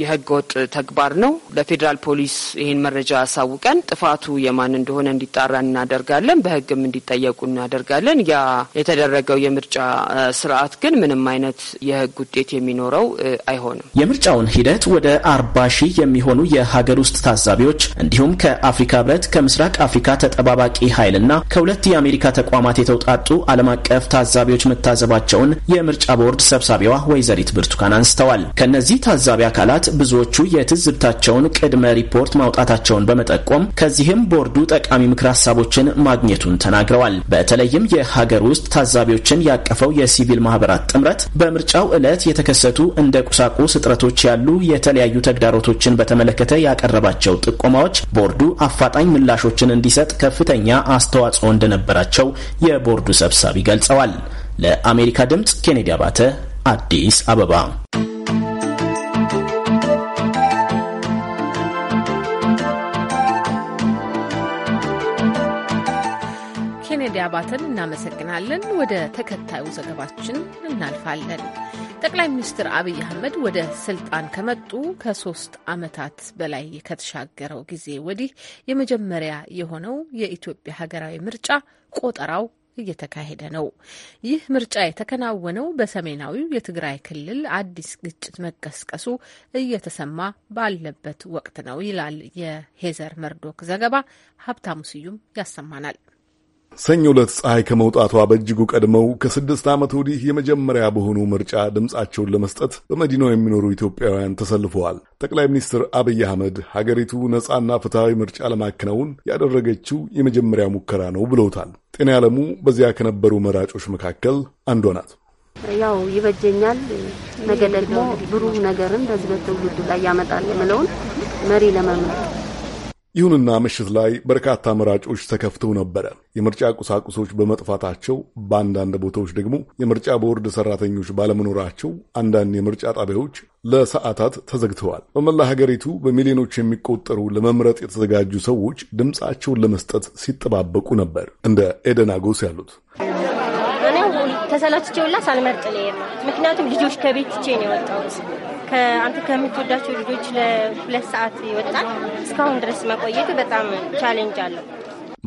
የህገወጥ ተግባር ነው። ለፌዴራል ፖሊስ ይህን መረጃ አሳውቀን ጥፋቱ የማን እንደሆነ እንዲጣራ እናደርጋለን፣ በህግም እንዲጠየቁ እናደርጋለን። ያ የተደረገው የምርጫ ስርዓት ግን ምንም ምንም አይነት የህግ ውጤት የሚኖረው አይሆንም። የምርጫውን ሂደት ወደ አርባ ሺህ የሚሆኑ የሀገር ውስጥ ታዛቢዎች እንዲሁም ከአፍሪካ ህብረት፣ ከምስራቅ አፍሪካ ተጠባባቂ ኃይልና ከሁለት የአሜሪካ ተቋማት የተውጣጡ ዓለም አቀፍ ታዛቢዎች መታዘባቸውን የምርጫ ቦርድ ሰብሳቢዋ ወይዘሪት ብርቱካን አንስተዋል። ከእነዚህ ታዛቢ አካላት ብዙዎቹ የትዝብታቸውን ቅድመ ሪፖርት ማውጣታቸውን በመጠቆም ከዚህም ቦርዱ ጠቃሚ ምክር ሀሳቦችን ማግኘቱን ተናግረዋል። በተለይም የሀገር ውስጥ ታዛቢዎችን ያቀፈው የሲቪል ማህበራት ጥምር በምርጫው ዕለት የተከሰቱ እንደ ቁሳቁስ እጥረቶች ያሉ የተለያዩ ተግዳሮቶችን በተመለከተ ያቀረባቸው ጥቆማዎች ቦርዱ አፋጣኝ ምላሾችን እንዲሰጥ ከፍተኛ አስተዋጽኦ እንደነበራቸው የቦርዱ ሰብሳቢ ገልጸዋል። ለአሜሪካ ድምፅ ኬኔዲ አባተ አዲስ አበባ አባተን እናመሰግናለን። ወደ ተከታዩ ዘገባችን እናልፋለን። ጠቅላይ ሚኒስትር አብይ አህመድ ወደ ስልጣን ከመጡ ከሶስት ዓመታት በላይ ከተሻገረው ጊዜ ወዲህ የመጀመሪያ የሆነው የኢትዮጵያ ሀገራዊ ምርጫ ቆጠራው እየተካሄደ ነው። ይህ ምርጫ የተከናወነው በሰሜናዊው የትግራይ ክልል አዲስ ግጭት መቀስቀሱ እየተሰማ ባለበት ወቅት ነው ይላል የሄዘር መርዶክ ዘገባ። ሀብታሙ ስዩም ያሰማናል። ሰኞ ዕለት ፀሐይ ከመውጣቷ በእጅጉ ቀድመው ከስድስት ዓመት ወዲህ የመጀመሪያ በሆኑ ምርጫ ድምፃቸውን ለመስጠት በመዲናው የሚኖሩ ኢትዮጵያውያን ተሰልፈዋል። ጠቅላይ ሚኒስትር አብይ አህመድ ሀገሪቱ ነፃና ፍትሐዊ ምርጫ ለማከናወን ያደረገችው የመጀመሪያ ሙከራ ነው ብለውታል። ጤና ያለሙ በዚያ ከነበሩ መራጮች መካከል አንዷ ናት። ያው ይበጀኛል፣ ነገ ደግሞ ብሩህ ነገርን በዚህ በትውልዱ ላይ ያመጣል የምለውን መሪ ለመምረጥ ይሁንና ምሽት ላይ በርካታ መራጮች ተከፍተው ነበረ። የምርጫ ቁሳቁሶች በመጥፋታቸው በአንዳንድ ቦታዎች ደግሞ የምርጫ ቦርድ ሰራተኞች ባለመኖራቸው አንዳንድ የምርጫ ጣቢያዎች ለሰዓታት ተዘግተዋል። በመላ ሀገሪቱ በሚሊዮኖች የሚቆጠሩ ለመምረጥ የተዘጋጁ ሰዎች ድምፃቸውን ለመስጠት ሲጠባበቁ ነበር። እንደ ኤደን አጎስ ያሉት እኔ ተሰላችቼውላ ሳልመርጥ ምክንያቱም ልጆች ከቤት ትቼ ነው የወጣሁት ከአንተ ከምትወዳቸው ልጆች ለሁለት ሰዓት ይወጣል። እስካሁን ድረስ መቆየቱ በጣም ቻሌንጅ አለው።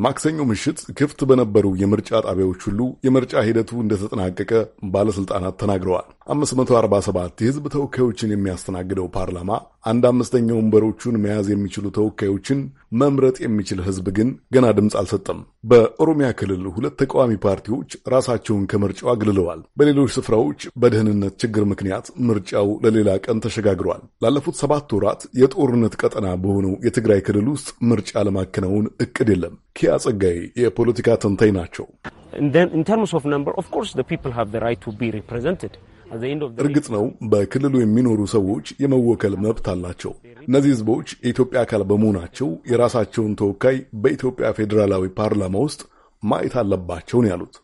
ማክሰኞ ምሽት ክፍት በነበሩ የምርጫ ጣቢያዎች ሁሉ የምርጫ ሂደቱ እንደተጠናቀቀ ባለስልጣናት ተናግረዋል። 547 የሕዝብ ተወካዮችን የሚያስተናግደው ፓርላማ አንድ አምስተኛ ወንበሮቹን መያዝ የሚችሉ ተወካዮችን መምረጥ የሚችል ህዝብ ግን ገና ድምፅ አልሰጠም። በኦሮሚያ ክልል ሁለት ተቃዋሚ ፓርቲዎች ራሳቸውን ከምርጫው አግልለዋል። በሌሎች ስፍራዎች በደህንነት ችግር ምክንያት ምርጫው ለሌላ ቀን ተሸጋግሯል። ላለፉት ሰባት ወራት የጦርነት ቀጠና በሆነው የትግራይ ክልል ውስጥ ምርጫ ለማከናወን እቅድ የለም። ኪያ ጸጋይ የፖለቲካ ተንታኝ ናቸው። እርግጥ ነው በክልሉ የሚኖሩ ሰዎች የመወከል መብት አላቸው። እነዚህ ህዝቦች የኢትዮጵያ አካል በመሆናቸው የራሳቸውን ተወካይ በኢትዮጵያ ፌዴራላዊ ፓርላማ ውስጥ ማየት አለባቸውን ያሉት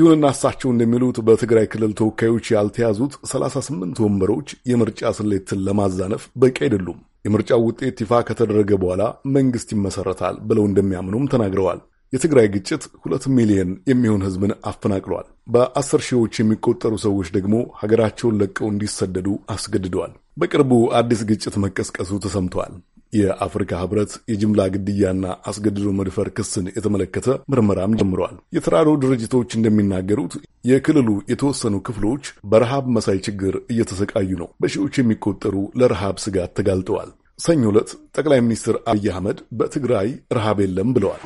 ይሁንና እሳቸው እንደሚሉት በትግራይ ክልል ተወካዮች ያልተያዙት 38 ወንበሮች የምርጫ ስሌትን ለማዛነፍ በቂ አይደሉም። የምርጫው ውጤት ይፋ ከተደረገ በኋላ መንግስት ይመሰረታል ብለው እንደሚያምኑም ተናግረዋል። የትግራይ ግጭት ሁለት ሚሊዮን የሚሆን ህዝብን አፈናቅሏል። በአስር ሺዎች የሚቆጠሩ ሰዎች ደግሞ ሀገራቸውን ለቀው እንዲሰደዱ አስገድደዋል። በቅርቡ አዲስ ግጭት መቀስቀሱ ተሰምተዋል። የአፍሪካ ህብረት የጅምላ ግድያና አስገድዶ መድፈር ክስን የተመለከተ ምርመራም ጀምሯል። የተራድኦ ድርጅቶች እንደሚናገሩት የክልሉ የተወሰኑ ክፍሎች በረሃብ መሳይ ችግር እየተሰቃዩ ነው። በሺዎች የሚቆጠሩ ለረሃብ ስጋት ተጋልጠዋል። ሰኞ ዕለት ጠቅላይ ሚኒስትር አብይ አህመድ በትግራይ ረሃብ የለም ብለዋል።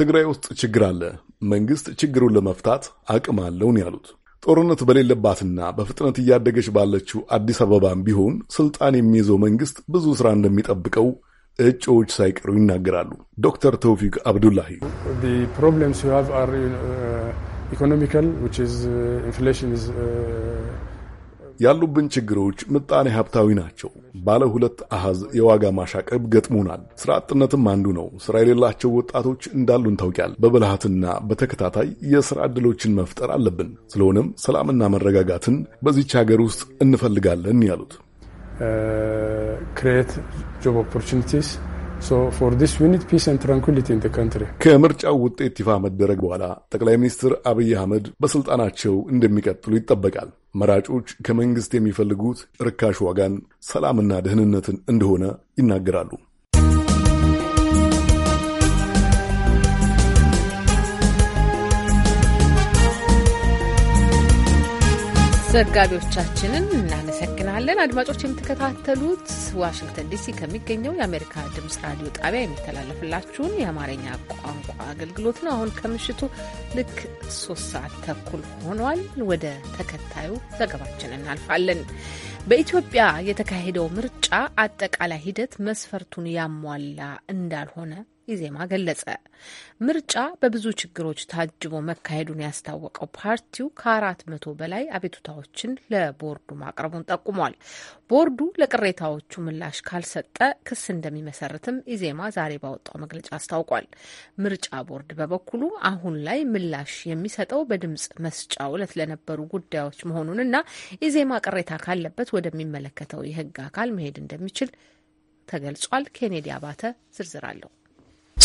ትግራይ ውስጥ ችግር አለ፣ መንግስት ችግሩን ለመፍታት አቅም አለውን ያሉት ጦርነት በሌለባትና በፍጥነት እያደገች ባለችው አዲስ አበባም ቢሆን ስልጣን የሚይዘው መንግስት ብዙ ስራ እንደሚጠብቀው እጩዎች ሳይቀሩ ይናገራሉ። ዶክተር ተውፊቅ አብዱላሂ ኢኮኖሚካል ኢንፍሌሽን ያሉብን ችግሮች ምጣኔ ሀብታዊ ናቸው። ባለ ሁለት አሃዝ የዋጋ ማሻቀብ ገጥሞናል። ስራ አጥነትም አንዱ ነው። ስራ የሌላቸው ወጣቶች እንዳሉን ታውቂያል። በብልሃትና በተከታታይ የስራ ዕድሎችን መፍጠር አለብን። ስለሆነም ሰላምና መረጋጋትን በዚች ሀገር ውስጥ እንፈልጋለን ያሉት ክሬት ጆብ ኦፖርቹኒቲስ ከምርጫው ውጤት ይፋ መደረግ በኋላ ጠቅላይ ሚኒስትር አብይ አህመድ በስልጣናቸው እንደሚቀጥሉ ይጠበቃል። መራጮች ከመንግስት የሚፈልጉት ርካሽ ዋጋን፣ ሰላምና ደህንነትን እንደሆነ ይናገራሉ። ዘጋቢዎቻችንን እናመሰግናለን። እናመሰግናለን አድማጮች የምትከታተሉት ዋሽንግተን ዲሲ ከሚገኘው የአሜሪካ ድምጽ ራዲዮ ጣቢያ የሚተላለፍላችሁን የአማርኛ ቋንቋ አገልግሎት ነው። አሁን ከምሽቱ ልክ ሶስት ሰዓት ተኩል ሆኗል። ወደ ተከታዩ ዘገባችን እናልፋለን። በኢትዮጵያ የተካሄደው ምርጫ አጠቃላይ ሂደት መስፈርቱን ያሟላ እንዳልሆነ ኢዜማ ገለጸ። ምርጫ በብዙ ችግሮች ታጅቦ መካሄዱን ያስታወቀው ፓርቲው ከአራት መቶ በላይ አቤቱታዎችን ለቦርዱ ማቅረቡን ጠቁሟል። ቦርዱ ለቅሬታዎቹ ምላሽ ካልሰጠ ክስ እንደሚመሰርትም ኢዜማ ዛሬ ባወጣው መግለጫ አስታውቋል። ምርጫ ቦርድ በበኩሉ አሁን ላይ ምላሽ የሚሰጠው በድምጽ መስጫው ዕለት ለነበሩ ጉዳዮች መሆኑንና ኢዜማ ቅሬታ ካለበት ወደሚመለከተው የሕግ አካል መሄድ እንደሚችል ተገልጿል። ኬኔዲ አባተ ዝርዝር አለው።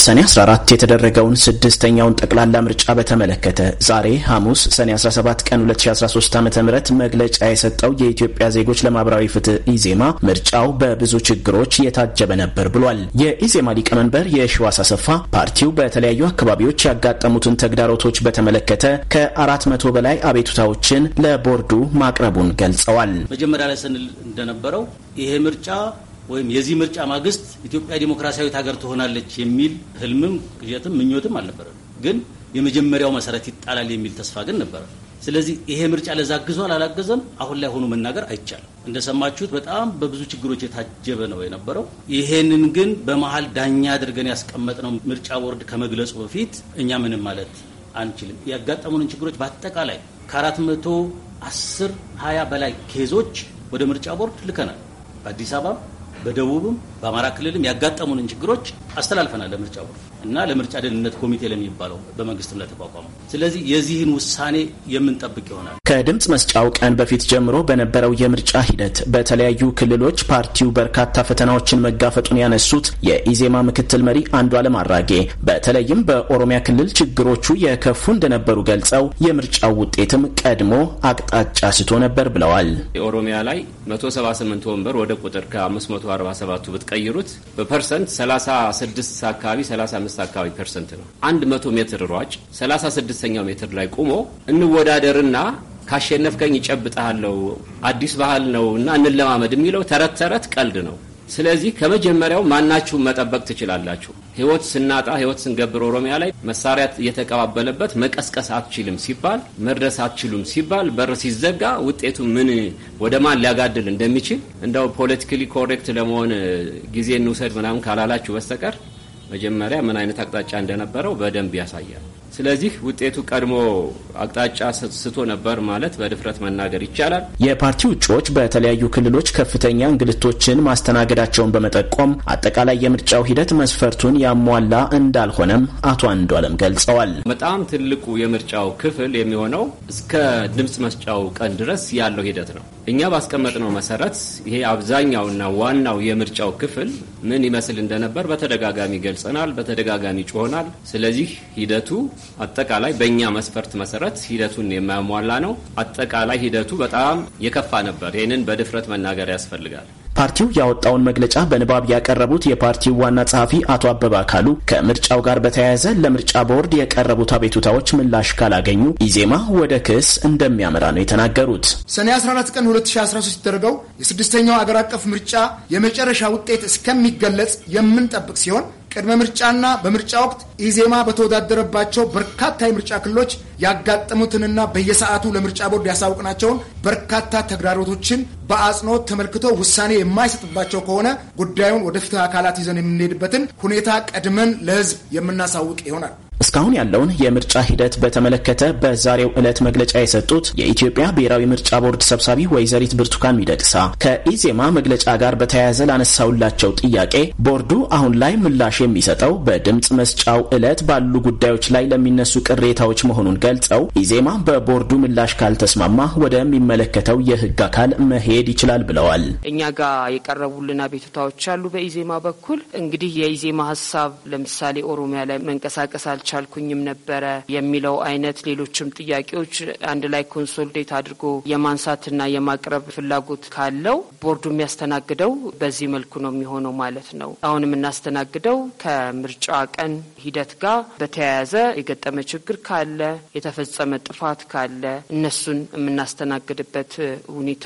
ሰኔ 14 የተደረገውን ስድስተኛውን ጠቅላላ ምርጫ በተመለከተ ዛሬ ሐሙስ ሰኔ 17 ቀን 2013 ዓ ም መግለጫ የሰጠው የኢትዮጵያ ዜጎች ለማህበራዊ ፍትህ ኢዜማ ምርጫው በብዙ ችግሮች የታጀበ ነበር ብሏል። የኢዜማ ሊቀመንበር የሺዋስ አሰፋ ፓርቲው በተለያዩ አካባቢዎች ያጋጠሙትን ተግዳሮቶች በተመለከተ ከ400 በላይ አቤቱታዎችን ለቦርዱ ማቅረቡን ገልጸዋል። መጀመሪያ ላይ ስንል እንደነበረው ይሄ ምርጫ ወይም የዚህ ምርጫ ማግስት ኢትዮጵያ ዲሞክራሲያዊት ሀገር ትሆናለች የሚል ህልምም ቅዠትም ምኞትም አልነበረም። ግን የመጀመሪያው መሰረት ይጣላል የሚል ተስፋ ግን ነበረ። ስለዚህ ይሄ ምርጫ ለዛ አግዟል አላገዘም፣ አሁን ላይ ሆኖ መናገር አይቻልም። እንደሰማችሁት በጣም በብዙ ችግሮች የታጀበ ነው የነበረው። ይሄንን ግን በመሀል ዳኛ አድርገን ያስቀመጥነው ምርጫ ቦርድ ከመግለጹ በፊት እኛ ምንም ማለት አንችልም። ያጋጠሙንን ችግሮች በአጠቃላይ ከአራት መቶ አስር ሀያ በላይ ኬዞች ወደ ምርጫ ቦርድ ልከናል በአዲስ አበባ በደቡብም በአማራ ክልልም ያጋጠሙንን ችግሮች አስተላልፈናል ለምርጫ ቦርድ። እና ለምርጫ ደህንነት ኮሚቴ ለሚባለው በመንግስትም ለተቋቋመ ስለዚህ የዚህን ውሳኔ የምንጠብቅ ይሆናል። ከድምፅ መስጫው ቀን በፊት ጀምሮ በነበረው የምርጫ ሂደት በተለያዩ ክልሎች ፓርቲው በርካታ ፈተናዎችን መጋፈጡን ያነሱት የኢዜማ ምክትል መሪ አንዱዓለም አራጌ በተለይም በኦሮሚያ ክልል ችግሮቹ የከፉ እንደነበሩ ገልጸው የምርጫው ውጤትም ቀድሞ አቅጣጫ ስቶ ነበር ብለዋል። ኦሮሚያ ላይ 178 ወንበር ወደ ቁጥር ከ 547 ብትቀይሩት በፐርሰንት 36 አካባቢ 35 35 አካባቢ ፐርሰንት ነው። አንድ መቶ ሜትር ሯጭ 36ኛው ሜትር ላይ ቁሞ እንወዳደርና ካሸነፍከኝ ይጨብጠሃለው አዲስ ባህል ነው እና እንለማመድ የሚለው ተረት ተረት ቀልድ ነው። ስለዚህ ከመጀመሪያው ማናችሁ መጠበቅ ትችላላችሁ። ህይወት ስናጣ ህይወት ስንገብር ኦሮሚያ ላይ መሳሪያ እየተቀባበለበት መቀስቀስ አትችልም ሲባል መድረስ አትችሉም ሲባል በር ሲዘጋ ውጤቱ ምን ወደ ማን ሊያጋድል እንደሚችል እንደው ፖለቲካሊ ኮሬክት ለመሆን ጊዜ እንውሰድ ምናምን ካላላችሁ በስተቀር መጀመሪያ ምን አይነት አቅጣጫ እንደነበረው በደንብ ያሳያል። ስለዚህ ውጤቱ ቀድሞ አቅጣጫ ስቶ ነበር ማለት በድፍረት መናገር ይቻላል። የፓርቲው እጩዎች በተለያዩ ክልሎች ከፍተኛ እንግልቶችን ማስተናገዳቸውን በመጠቆም አጠቃላይ የምርጫው ሂደት መስፈርቱን ያሟላ እንዳልሆነም አቶ አንዷለም ገልጸዋል። በጣም ትልቁ የምርጫው ክፍል የሚሆነው እስከ ድምፅ መስጫው ቀን ድረስ ያለው ሂደት ነው። እኛ ባስቀመጥነው መሰረት ይሄ አብዛኛውና ዋናው የምርጫው ክፍል ምን ይመስል እንደነበር በተደጋጋሚ ገልጸናል፣ በተደጋጋሚ ጮሆናል። ስለዚህ ሂደቱ አጠቃላይ በእኛ መስፈርት መሰረት ሂደቱን የማያሟላ ነው። አጠቃላይ ሂደቱ በጣም የከፋ ነበር። ይህንን በድፍረት መናገር ያስፈልጋል። ፓርቲው ያወጣውን መግለጫ በንባብ ያቀረቡት የፓርቲው ዋና ጸሐፊ አቶ አበባ አካሉ ከምርጫው ጋር በተያያዘ ለምርጫ ቦርድ የቀረቡት አቤቱታዎች ምላሽ ካላገኙ ኢዜማ ወደ ክስ እንደሚያመራ ነው የተናገሩት። ሰኔ 14 ቀን 2013 የተደረገው የስድስተኛው አገር አቀፍ ምርጫ የመጨረሻ ውጤት እስከሚገለጽ የምንጠብቅ ሲሆን ቅድመ ምርጫና በምርጫ ወቅት ኢዜማ በተወዳደረባቸው በርካታ የምርጫ ክልሎች ያጋጠሙትንና በየሰዓቱ ለምርጫ ቦርድ ያሳውቅናቸውን በርካታ ተግዳሮቶችን በአጽንኦት ተመልክቶ ውሳኔ የማይሰጥባቸው ከሆነ ጉዳዩን ወደፊት አካላት ይዘን የምንሄድበትን ሁኔታ ቀድመን ለህዝብ የምናሳውቅ ይሆናል። እስካሁን ያለውን የምርጫ ሂደት በተመለከተ በዛሬው ዕለት መግለጫ የሰጡት የኢትዮጵያ ብሔራዊ ምርጫ ቦርድ ሰብሳቢ ወይዘሪት ብርቱካን ሚደቅሳ ከኢዜማ መግለጫ ጋር በተያያዘ ላነሳውላቸው ጥያቄ ቦርዱ አሁን ላይ ምላሽ የሚሰጠው በድምፅ መስጫው ዕለት ባሉ ጉዳዮች ላይ ለሚነሱ ቅሬታዎች መሆኑን ገልጸው ኢዜማ በቦርዱ ምላሽ ካልተስማማ ወደሚመለከተው የሕግ አካል መሄድ ይችላል ብለዋል። እኛ ጋር የቀረቡልን አቤቱታዎች አሉ። በኢዜማ በኩል እንግዲህ የኢዜማ ሀሳብ ለምሳሌ ኦሮሚያ ላይ መንቀሳቀስ አልቻልኩኝም ነበረ የሚለው አይነት ሌሎችም ጥያቄዎች አንድ ላይ ኮንሶልዴት አድርጎ የማንሳትና የማቅረብ ፍላጎት ካለው ቦርዱ የሚያስተናግደው በዚህ መልኩ ነው የሚሆነው ማለት ነው። አሁን የምናስተናግደው ከምርጫ ቀን ሂደት ጋር በተያያዘ የገጠመ ችግር ካለ፣ የተፈጸመ ጥፋት ካለ እነሱን የምናስተናግድበት ሁኔታ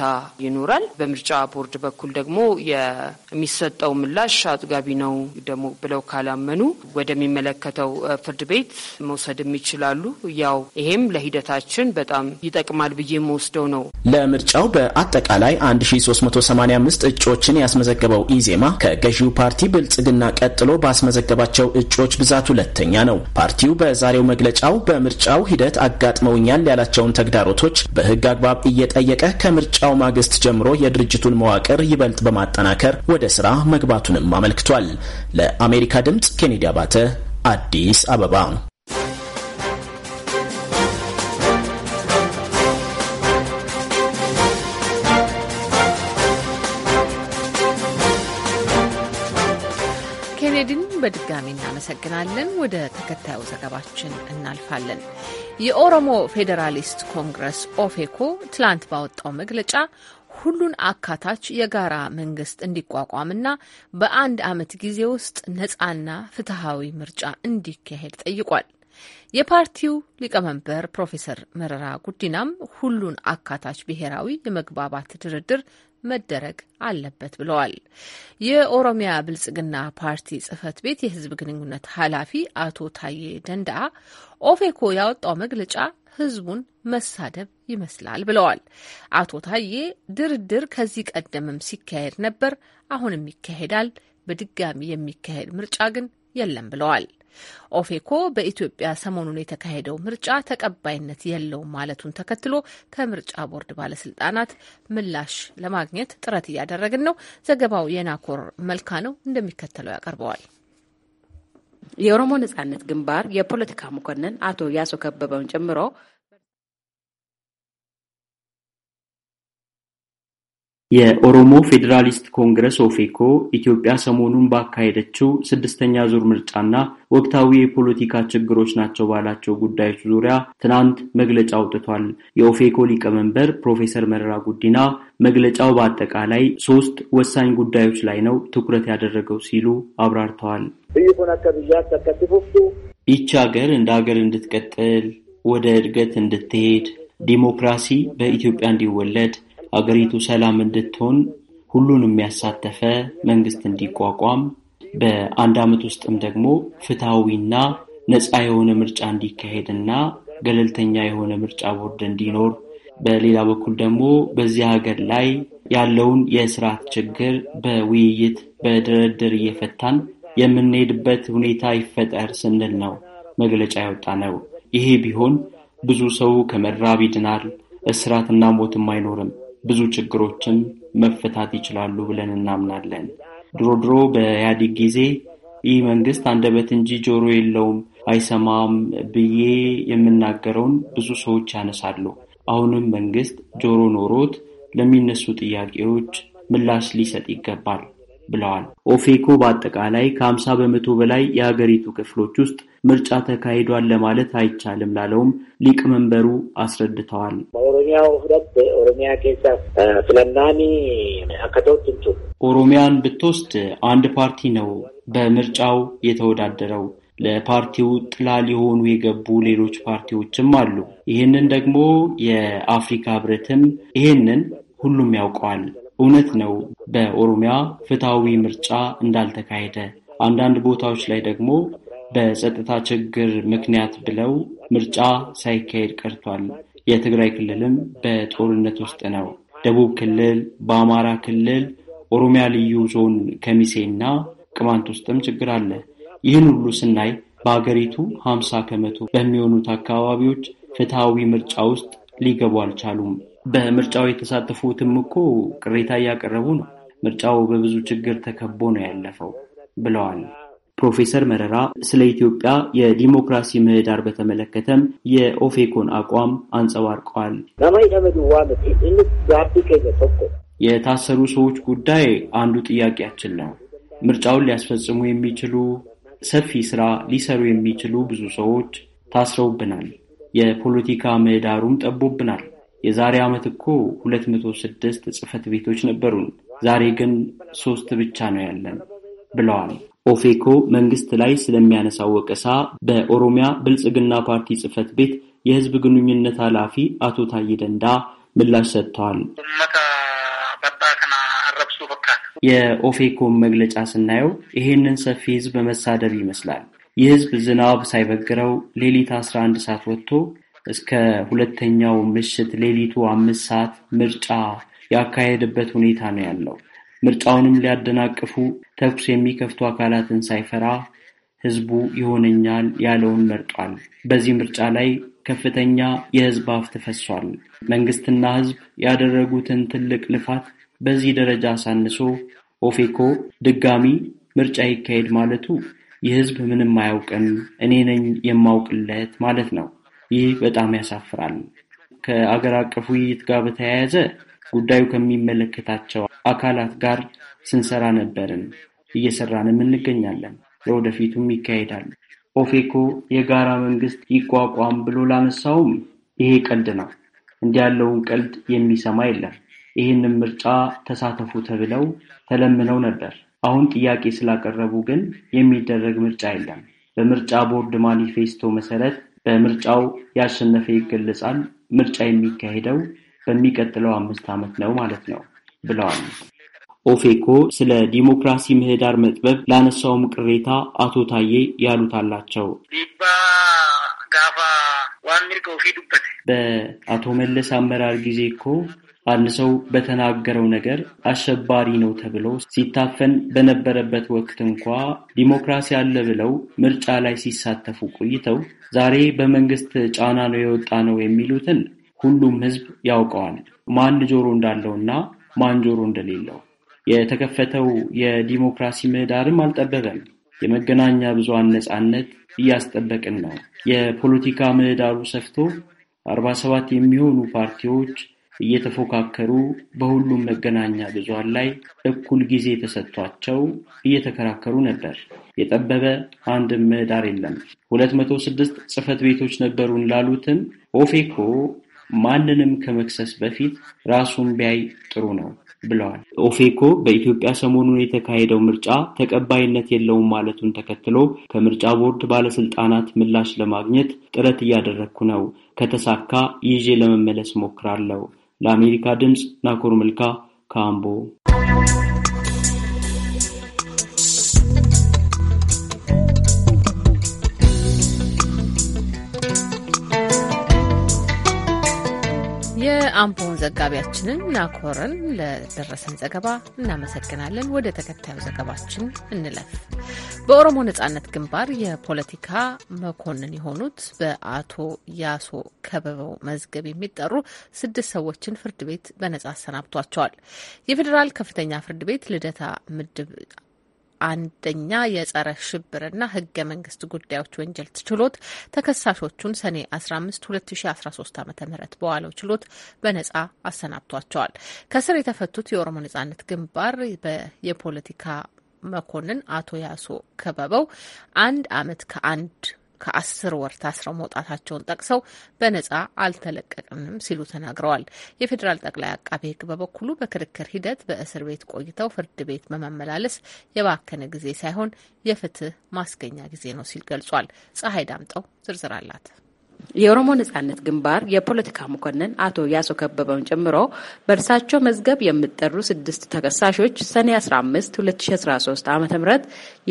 ይኖራል። በምርጫ ቦርድ በኩል ደግሞ የሚሰጠው ምላሽ አጥጋቢ ነው ደግሞ ብለው ካላመኑ ወደሚመለከተው ፍርድ ቤት መውሰድም ይችላሉ። ያው ይሄም ለሂደታችን በጣም ይጠቅማል ብዬ መወስደው ነው። ለምርጫው በአጠቃላይ 1385 እጩዎችን ያስመዘገበው ኢዜማ ከገዢው ፓርቲ ብልጽግና ቀጥሎ ባስመዘገባቸው እጩዎች ብዛት ሁለተኛ ነው። ፓርቲው በዛሬው መግለጫው በምርጫው ሂደት አጋጥመውኛል ያላቸውን ተግዳሮቶች በህግ አግባብ እየጠየቀ ከምርጫው ማግስት ጀምሮ የድርጅቱን መዋቅር ይበልጥ በማጠናከር ወደ ስራ መግባቱንም አመልክቷል። ለአሜሪካ ድምጽ ኬኔዲ አባተ አዲስ አበባ። ኬኔዲን በድጋሚ እናመሰግናለን። ወደ ተከታዩ ዘገባችን እናልፋለን። የኦሮሞ ፌዴራሊስት ኮንግረስ ኦፌኮ ትላንት ባወጣው መግለጫ ሁሉን አካታች የጋራ መንግስት እንዲቋቋምና በአንድ ዓመት ጊዜ ውስጥ ነፃና ፍትሐዊ ምርጫ እንዲካሄድ ጠይቋል። የፓርቲው ሊቀመንበር ፕሮፌሰር መረራ ጉዲናም ሁሉን አካታች ብሔራዊ የመግባባት ድርድር መደረግ አለበት ብለዋል። የኦሮሚያ ብልጽግና ፓርቲ ጽህፈት ቤት የህዝብ ግንኙነት ኃላፊ አቶ ታዬ ደንዳአ ኦፌኮ ያወጣው መግለጫ ህዝቡን መሳደብ ይመስላል ብለዋል አቶ ታዬ። ድርድር ከዚህ ቀደምም ሲካሄድ ነበር፣ አሁንም ይካሄዳል። በድጋሚ የሚካሄድ ምርጫ ግን የለም ብለዋል። ኦፌኮ በኢትዮጵያ ሰሞኑን የተካሄደው ምርጫ ተቀባይነት የለውም ማለቱን ተከትሎ ከምርጫ ቦርድ ባለስልጣናት ምላሽ ለማግኘት ጥረት እያደረግን ነው። ዘገባው የናኮር መልካ ነው፣ እንደሚከተለው ያቀርበዋል። የኦሮሞ ነጻነት ግንባር የፖለቲካ መኮንን አቶ ያሶ ከበበውን ጨምሮ የኦሮሞ ፌዴራሊስት ኮንግረስ ኦፌኮ ኢትዮጵያ ሰሞኑን ባካሄደችው ስድስተኛ ዙር ምርጫና ወቅታዊ የፖለቲካ ችግሮች ናቸው ባላቸው ጉዳዮች ዙሪያ ትናንት መግለጫ አውጥቷል። የኦፌኮ ሊቀመንበር ፕሮፌሰር መረራ ጉዲና መግለጫው በአጠቃላይ ሶስት ወሳኝ ጉዳዮች ላይ ነው ትኩረት ያደረገው ሲሉ አብራርተዋል። ይቺ ሀገር እንደ ሀገር እንድትቀጥል፣ ወደ እድገት እንድትሄድ፣ ዲሞክራሲ በኢትዮጵያ እንዲወለድ አገሪቱ ሰላም እንድትሆን ሁሉንም ያሳተፈ መንግስት እንዲቋቋም በአንድ ዓመት ውስጥም ደግሞ ፍትሐዊና ነፃ የሆነ ምርጫ እንዲካሄድና ገለልተኛ የሆነ ምርጫ ቦርድ እንዲኖር በሌላ በኩል ደግሞ በዚህ ሀገር ላይ ያለውን የስርዓት ችግር በውይይት በድርድር እየፈታን የምንሄድበት ሁኔታ ይፈጠር ስንል ነው መግለጫ ያወጣ ነው። ይሄ ቢሆን ብዙ ሰው ከመራብ ይድናል፣ እስራትና ሞትም አይኖርም። ብዙ ችግሮችም መፈታት ይችላሉ ብለን እናምናለን። ድሮ ድሮ በኢህአዴግ ጊዜ ይህ መንግስት አንደበት እንጂ ጆሮ የለውም አይሰማም ብዬ የምናገረውን ብዙ ሰዎች ያነሳሉ። አሁንም መንግስት ጆሮ ኖሮት ለሚነሱ ጥያቄዎች ምላሽ ሊሰጥ ይገባል። ብለዋል። ኦፌኮ በአጠቃላይ ከ50 በመቶ በላይ የሀገሪቱ ክፍሎች ውስጥ ምርጫ ተካሂዷል ለማለት አይቻልም ላለውም ሊቀመንበሩ አስረድተዋል። ኦሮሚያን ብትወስድ አንድ ፓርቲ ነው በምርጫው የተወዳደረው። ለፓርቲው ጥላ ሊሆኑ የገቡ ሌሎች ፓርቲዎችም አሉ። ይህንን ደግሞ የአፍሪካ ህብረትም ይህንን ሁሉም ያውቀዋል። እውነት ነው በኦሮሚያ ፍትሐዊ ምርጫ እንዳልተካሄደ፣ አንዳንድ ቦታዎች ላይ ደግሞ በጸጥታ ችግር ምክንያት ብለው ምርጫ ሳይካሄድ ቀርቷል። የትግራይ ክልልም በጦርነት ውስጥ ነው። ደቡብ ክልል፣ በአማራ ክልል፣ ኦሮሚያ ልዩ ዞን ከሚሴና ቅማንት ውስጥም ችግር አለ። ይህን ሁሉ ስናይ በሀገሪቱ ሀምሳ ከመቶ በሚሆኑት አካባቢዎች ፍትሐዊ ምርጫ ውስጥ ሊገቡ አልቻሉም። በምርጫው የተሳተፉትም እኮ ቅሬታ እያቀረቡ ነው። ምርጫው በብዙ ችግር ተከቦ ነው ያለፈው ብለዋል። ፕሮፌሰር መረራ ስለ ኢትዮጵያ የዲሞክራሲ ምህዳር በተመለከተም የኦፌኮን አቋም አንጸባርቀዋል። የታሰሩ ሰዎች ጉዳይ አንዱ ጥያቄያችን ነው። ምርጫውን ሊያስፈጽሙ የሚችሉ ሰፊ ስራ ሊሰሩ የሚችሉ ብዙ ሰዎች ታስረውብናል። የፖለቲካ ምህዳሩም ጠቦብናል። የዛሬ ዓመት እኮ ሁለት መቶ ስድስት ቤቶች ነበሩን፣ ዛሬ ግን ሶስት ብቻ ነው ያለን ብለዋል። ኦፌኮ መንግስት ላይ ስለሚያነሳው ወቀሳ በኦሮሚያ ብልጽግና ፓርቲ ጽህፈት ቤት የህዝብ ግንኙነት ኃላፊ አቶ ታዬ ደንዳ ምላሽ ሰጥተዋል። የኦፌኮን መግለጫ ስናየው ይሄንን ሰፊ ህዝብ መሳደብ ይመስላል። ይህ ህዝብ ዝናብ ሳይበግረው ሌሊት 11 ሰዓት ወጥቶ እስከ ሁለተኛው ምሽት ሌሊቱ አምስት ሰዓት ምርጫ ያካሄደበት ሁኔታ ነው ያለው። ምርጫውንም ሊያደናቅፉ ተኩስ የሚከፍቱ አካላትን ሳይፈራ ህዝቡ ይሆነኛል ያለውን መርጧል። በዚህ ምርጫ ላይ ከፍተኛ የህዝብ አፍ ተፈሷል። መንግስትና ህዝብ ያደረጉትን ትልቅ ልፋት በዚህ ደረጃ አሳንሶ ኦፌኮ ድጋሚ ምርጫ ይካሄድ ማለቱ የህዝብ ምንም አያውቅም እኔ ነኝ የማውቅለት ማለት ነው ይህ በጣም ያሳፍራል። ከአገር አቀፍ ውይይት ጋር በተያያዘ ጉዳዩ ከሚመለከታቸው አካላት ጋር ስንሰራ ነበርን፣ እየሰራንም እንገኛለን። ለወደፊቱም ይካሄዳል። ኦፌኮ የጋራ መንግስት ይቋቋም ብሎ ላነሳውም ይሄ ቀልድ ነው። እንዲህ ያለውን ቀልድ የሚሰማ የለም። ይህንም ምርጫ ተሳተፉ ተብለው ተለምነው ነበር። አሁን ጥያቄ ስላቀረቡ ግን የሚደረግ ምርጫ የለም። በምርጫ ቦርድ ማኒፌስቶ መሰረት በምርጫው ያሸነፈ ይገለጻል ምርጫ የሚካሄደው በሚቀጥለው አምስት ዓመት ነው ማለት ነው ብለዋል። ኦፌኮ ስለ ዲሞክራሲ ምህዳር መጥበብ ላነሳውም ቅሬታ አቶ ታዬ ያሉት አላቸው። በአቶ መለስ አመራር ጊዜ እኮ አንድ ሰው በተናገረው ነገር አሸባሪ ነው ተብሎ ሲታፈን በነበረበት ወቅት እንኳ ዲሞክራሲ አለ ብለው ምርጫ ላይ ሲሳተፉ ቆይተው ዛሬ በመንግስት ጫና ነው የወጣ ነው የሚሉትን ሁሉም ህዝብ ያውቀዋል፣ ማን ጆሮ እንዳለውና ማን ጆሮ እንደሌለው። የተከፈተው የዲሞክራሲ ምህዳርም አልጠበበም። የመገናኛ ብዙሃን ነፃነት እያስጠበቅን ነው። የፖለቲካ ምህዳሩ ሰፍቶ አርባ ሰባት የሚሆኑ ፓርቲዎች እየተፎካከሩ በሁሉም መገናኛ ብዙኃን ላይ እኩል ጊዜ ተሰጥቷቸው እየተከራከሩ ነበር። የጠበበ አንድ ምህዳር የለም። ሁለት መቶ ስድስት ጽህፈት ቤቶች ነበሩን ላሉትም ኦፌኮ ማንንም ከመክሰስ በፊት ራሱን ቢያይ ጥሩ ነው ብለዋል። ኦፌኮ በኢትዮጵያ ሰሞኑን የተካሄደው ምርጫ ተቀባይነት የለውም ማለቱን ተከትሎ ከምርጫ ቦርድ ባለስልጣናት ምላሽ ለማግኘት ጥረት እያደረግኩ ነው። ከተሳካ ይዤ ለመመለስ ሞክራለሁ። ለአሜሪካ ድምፅ ናኮር ምልካ ካምቦ። የአምቦን ዘጋቢያችንን ናኮርን ለደረሰን ዘገባ እናመሰግናለን። ወደ ተከታዩ ዘገባችን እንለፍ። በኦሮሞ ነጻነት ግንባር የፖለቲካ መኮንን የሆኑት በአቶ ያሶ ከበበው መዝገብ የሚጠሩ ስድስት ሰዎችን ፍርድ ቤት በነጻ አሰናብቷቸዋል። የፌዴራል ከፍተኛ ፍርድ ቤት ልደታ ምድብ አንደኛ የጸረ ሽብርና ህገ መንግስት ጉዳዮች ወንጀል ችሎት ተከሳሾቹን ሰኔ 15 2013 ዓ ም በዋለው ችሎት በነጻ አሰናብቷቸዋል። ከስር የተፈቱት የኦሮሞ ነጻነት ግንባር የፖለቲካ መኮንን አቶ ያሶ ከበበው አንድ አመት ከአንድ ከአስር ወር ታስረው መውጣታቸውን ጠቅሰው በነጻ አልተለቀቅንም ሲሉ ተናግረዋል። የፌዴራል ጠቅላይ አቃቤ ሕግ በበኩሉ በክርክር ሂደት በእስር ቤት ቆይተው ፍርድ ቤት በመመላለስ የባከነ ጊዜ ሳይሆን የፍትህ ማስገኛ ጊዜ ነው ሲል ገልጿል። ፀሐይ ዳምጠው ዝርዝር አላት። የኦሮሞ ነጻነት ግንባር የፖለቲካ መኮንን አቶ ያሶ ከበበውን ጨምሮ በእርሳቸው መዝገብ የሚጠሩ ስድስት ተከሳሾች ሰኔ 15 2013 ዓ ም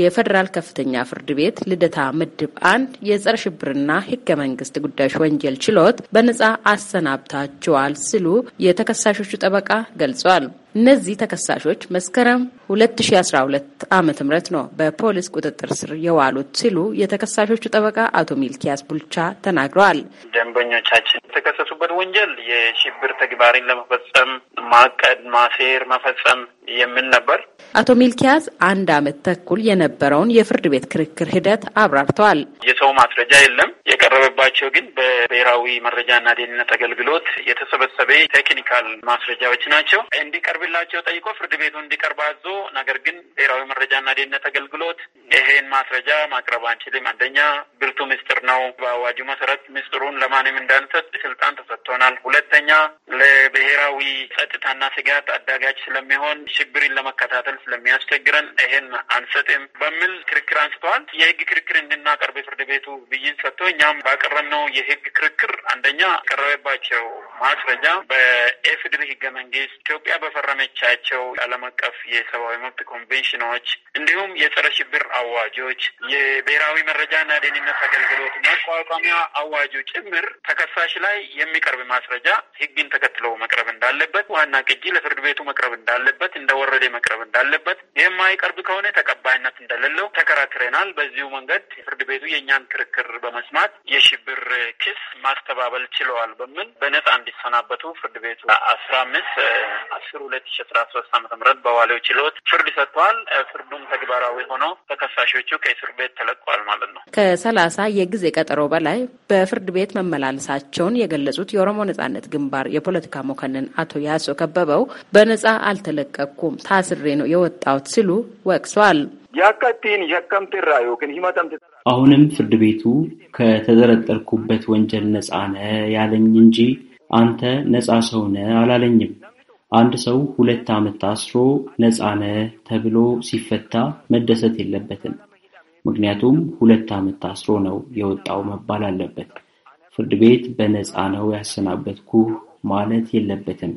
የፌዴራል ከፍተኛ ፍርድ ቤት ልደታ ምድብ አንድ የጸረ ሽብርና ሕገ መንግስት ጉዳዮች ወንጀል ችሎት በነጻ አሰናብታቸዋል ሲሉ የተከሳሾቹ ጠበቃ ገልጿል። እነዚህ ተከሳሾች መስከረም 2012 ዓ ም ነው በፖሊስ ቁጥጥር ስር የዋሉት ሲሉ የተከሳሾቹ ጠበቃ አቶ ሚልኪያስ ቡልቻ ተናግረዋል። ደንበኞቻችን የተከሰሱበት ወንጀል የሽብር ተግባርን ለመፈጸም ማቀድ፣ ማሴር፣ መፈጸም የሚል ነበር። አቶ ሚልኪያዝ አንድ አመት ተኩል የነበረውን የፍርድ ቤት ክርክር ሂደት አብራርተዋል። የሰው ማስረጃ የለም። የቀረበባቸው ግን በብሔራዊ መረጃና ደህንነት አገልግሎት የተሰበሰበ ቴክኒካል ማስረጃዎች ናቸው። እንዲቀርብላቸው ጠይቆ ፍርድ ቤቱ እንዲቀርብ አዞ፣ ነገር ግን ብሔራዊ መረጃና ደህንነት አገልግሎት ይሄን ማስረጃ ማቅረብ አንችልም፣ አንደኛ ብርቱ ምስጢር ነው፣ በአዋጁ መሰረት ምስጢሩን ለማንም እንዳንሰጥ ስልጣን ተሰጥቶናል፣ ሁለተኛ ለብሔራዊ ጸጥታና ስጋት አዳጋች ስለሚሆን ችግርን ለመከታተል ስለሚያስቸግረን ይሄን አንሰጥም በሚል ክርክር አንስተዋል። የህግ ክርክር እንድናቀርብ ፍርድ ቤቱ ብይን ሰጥቶ እኛም ባቀረብነው የህግ ክርክር አንደኛ ቀረበባቸው ማስረጃ በኤፍድሪ ህገ መንግስት ኢትዮጵያ በፈረመቻቸው ዓለም አቀፍ የሰብአዊ መብት ኮንቬንሽኖች እንዲሁም የጸረ ሽብር አዋጆች የብሔራዊ መረጃና ደህንነት አገልግሎት ማቋቋሚያ አዋጁ ጭምር ተከሳሽ ላይ የሚቀርብ ማስረጃ ህግን ተከትሎ መቅረብ እንዳለበት፣ ዋና ቅጂ ለፍርድ ቤቱ መቅረብ እንዳለበት ወረዴ መቅረብ እንዳለበት፣ የማይቀርብ ከሆነ ተቀባይነት እንደሌለው ተከራክረናል። በዚሁ መንገድ ፍርድ ቤቱ የእኛን ክርክር በመስማት የሽብር ክስ ማስተባበል ችለዋል በሚል በነጻ እንዲሰናበቱ ፍርድ ቤቱ አስራ አምስት አስር ሁለት ሺ አስራ ሶስት አመተ ምህረት በዋለው ችሎት ፍርድ ሰጥተዋል። ፍርዱም ተግባራዊ ሆኖ ተከሳሾቹ ከእስር ቤት ተለቋል ማለት ነው። ከሰላሳ የጊዜ ቀጠሮ በላይ በፍርድ ቤት መመላለሳቸውን የገለጹት የኦሮሞ ነጻነት ግንባር የፖለቲካ ሞከንን አቶ ያሶ ከበበው በነጻ አልተለቀቁ አላረኩም፣ ታስሬ ነው የወጣሁት ሲሉ ወቅሷል። አሁንም ፍርድ ቤቱ ከተጠረጠርኩበት ወንጀል ነፃ ነህ ያለኝ እንጂ አንተ ነፃ ሰው ነህ አላለኝም። አንድ ሰው ሁለት ዓመት ታስሮ ነፃ ነህ ተብሎ ሲፈታ መደሰት የለበትም። ምክንያቱም ሁለት ዓመት ታስሮ ነው የወጣው መባል አለበት። ፍርድ ቤት በነፃ ነው ያሰናበትኩህ ማለት የለበትም።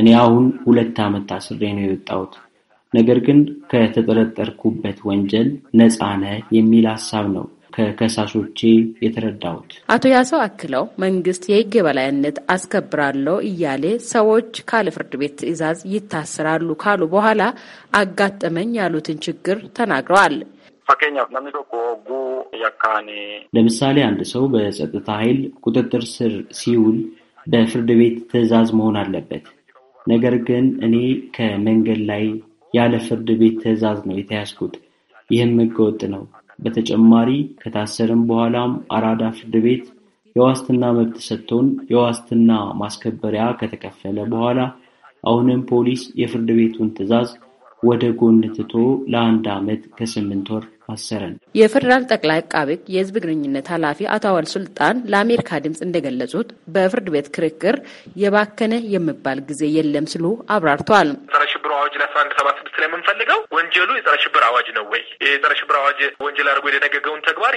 እኔ አሁን ሁለት ዓመት ታስሬ ነው የወጣሁት ነገር ግን ከተጠረጠርኩበት ወንጀል ነፃ ነህ የሚል ሀሳብ ነው ከከሳሾቼ የተረዳሁት። አቶ ያሰው አክለው መንግስት የህግ የበላይነት አስከብራለሁ እያሌ ሰዎች ካለ ፍርድ ቤት ትዕዛዝ ይታሰራሉ ካሉ በኋላ አጋጠመኝ ያሉትን ችግር ተናግረዋል። ለምሳሌ አንድ ሰው በጸጥታ ኃይል ቁጥጥር ስር ሲውል በፍርድ ቤት ትዕዛዝ መሆን አለበት። ነገር ግን እኔ ከመንገድ ላይ ያለ ፍርድ ቤት ትዕዛዝ ነው የተያዝኩት። ይህም ህገወጥ ነው። በተጨማሪ ከታሰርም በኋላም አራዳ ፍርድ ቤት የዋስትና መብት ሰጥቶን የዋስትና ማስከበሪያ ከተከፈለ በኋላ አሁንም ፖሊስ የፍርድ ቤቱን ትዕዛዝ ወደ ጎን ትቶ ለአንድ ዓመት ከስምንት ወር አሰረን። የፌዴራል ጠቅላይ አቃቤ ሕግ የህዝብ ግንኙነት ኃላፊ አቶ አወል ሱልጣን ለአሜሪካ ድምፅ እንደገለጹት በፍርድ ቤት ክርክር የባከነ የሚባል ጊዜ የለም ሲሉ አብራርተዋል። ጸረ ሽብር አዋጅ ለ ስለምንፈልገው ወንጀሉ የጸረ ሽብር አዋጅ ነው ወይ? የጸረ ሽብር አዋጅ ወንጀል አድርጎ የደነገገውን ተግባር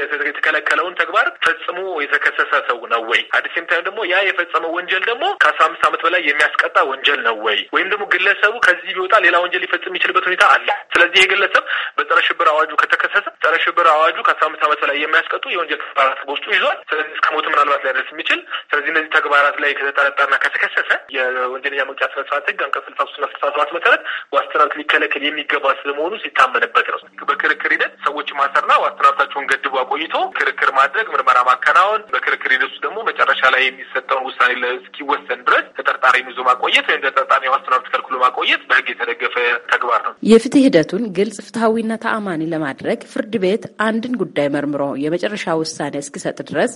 የተከለከለውን ተግባር ፈጽሞ የተከሰሰ ሰው ነው ወይ? አዲስ ታይም ደግሞ ያ የፈጸመው ወንጀል ደግሞ ከአስራ አምስት ዓመት በላይ የሚያስቀጣ ወንጀል ነው ወይ? ወይም ደግሞ ግለሰቡ ከዚህ ቢወጣ ሌላ ወንጀል ሊፈጽም የሚችልበት ሁኔታ አለ። ስለዚህ የግለሰብ በጸረ ሽብር አዋጁ ከተከሰሰ ጸረ ሽብር አዋጁ ከአስራ አምስት ዓመት በላይ የሚያስቀጡ የወንጀል ተግባራት በውስጡ ይዟል። ስለዚህ እስከ ሞት ምናልባት ሊያደርስ የሚችል ስለዚህ እነዚህ ተግባራት ላይ ከተጠረጠረና ከተከሰሰ የወንጀለኛ መቅጫ ስነ ህግ አንቀጽ ስልሳ ሶስትና ስልሳ ሰባት መሰረት ዋስትና ኮንትራት ሊከለከል የሚገባ ስለመሆኑ ሲታመንበት ነው። በክርክር ሂደት ሰዎች ማሰርና ዋስትና ገድቦ አቆይቶ ክርክር ማድረግ፣ ምርመራ ማከናወን፣ በክርክር ሂደቱ ደግሞ መጨረሻ ላይ የሚሰጠውን ውሳኔ እስኪወሰን ድረስ ተጠርጣሪን ይዞ ማቆየት ወይም ተጠርጣሪ ዋስትና መብት ከልክሎ ማቆየት በህግ የተደገፈ ተግባር ነው። የፍትህ ሂደቱን ግልጽ፣ ፍትሐዊና ተአማኒ ለማድረግ ፍርድ ቤት አንድን ጉዳይ መርምሮ የመጨረሻ ውሳኔ እስኪሰጥ ድረስ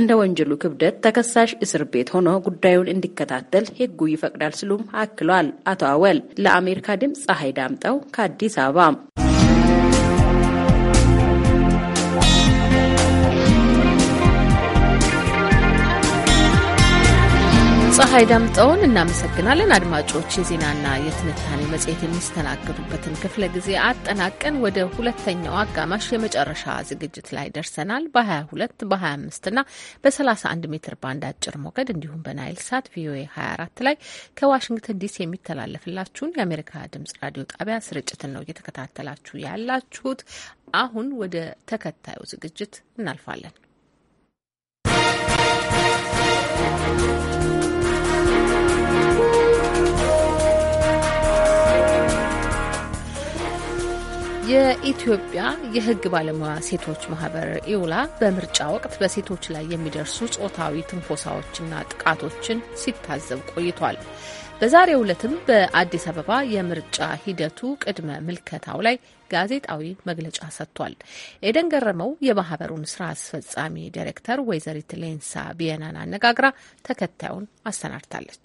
እንደ ወንጀሉ ክብደት ተከሳሽ እስር ቤት ሆኖ ጉዳዩን እንዲከታተል ህጉ ይፈቅዳል ሲሉም አክሏል። አቶ አወል ለአሜሪካ ድምጽ ፀሐይ ዳምጠው ከአዲስ አበባ ፀሐይ ዳምጠውን እናመሰግናለን። አድማጮች የዜናና የትንታኔ መጽሔት የሚስተናገዱበትን ክፍለ ጊዜ አጠናቀን ወደ ሁለተኛው አጋማሽ የመጨረሻ ዝግጅት ላይ ደርሰናል። በ22 በ25ና በ31 ሜትር ባንድ አጭር ሞገድ እንዲሁም በናይል ሳት ቪኦኤ 24 ላይ ከዋሽንግተን ዲሲ የሚተላለፍላችሁን የአሜሪካ ድምጽ ራዲዮ ጣቢያ ስርጭትን ነው እየተከታተላችሁ ያላችሁት። አሁን ወደ ተከታዩ ዝግጅት እናልፋለን። የኢትዮጵያ የሕግ ባለሙያ ሴቶች ማህበር ኢውላ በምርጫ ወቅት በሴቶች ላይ የሚደርሱ ጾታዊ ትንኮሳዎችና ጥቃቶችን ሲታዘብ ቆይቷል። በዛሬው ዕለትም በአዲስ አበባ የምርጫ ሂደቱ ቅድመ ምልከታው ላይ ጋዜጣዊ መግለጫ ሰጥቷል። ኤደን ገረመው የማህበሩን ስራ አስፈጻሚ ዳይሬክተር ወይዘሪት ሌንሳ ቢየናን አነጋግራ ተከታዩን አሰናድታለች።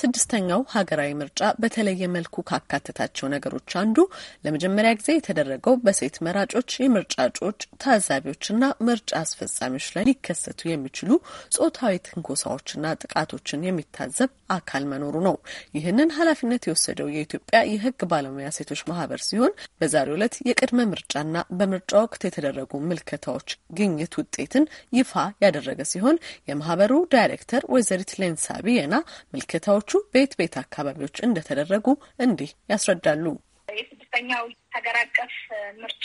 ስድስተኛው ሀገራዊ ምርጫ በተለየ መልኩ ካካተታቸው ነገሮች አንዱ ለመጀመሪያ ጊዜ የተደረገው በሴት መራጮች፣ የምርጫ እጩዎች፣ ታዛቢዎችና ምርጫ አስፈጻሚዎች ላይ ሊከሰቱ የሚችሉ ጾታዊ ትንኮሳዎችና ጥቃቶችን የሚታዘብ አካል መኖሩ ነው። ይህንን ኃላፊነት የወሰደው የኢትዮጵያ የሕግ ባለሙያ ሴቶች ማህበር ሲሆን በዛሬው ዕለት የቅድመ ምርጫና በምርጫ ወቅት የተደረጉ ምልከታዎች ግኝት ውጤትን ይፋ ያደረገ ሲሆን የማህበሩ ዳይሬክተር ወይዘሪት ሌንሳ ቢየና ምልከታዎች ስራዎቹ በየት ቤት አካባቢዎች እንደተደረጉ እንዲህ ያስረዳሉ። የስድስተኛው ሀገር አቀፍ ምርጫ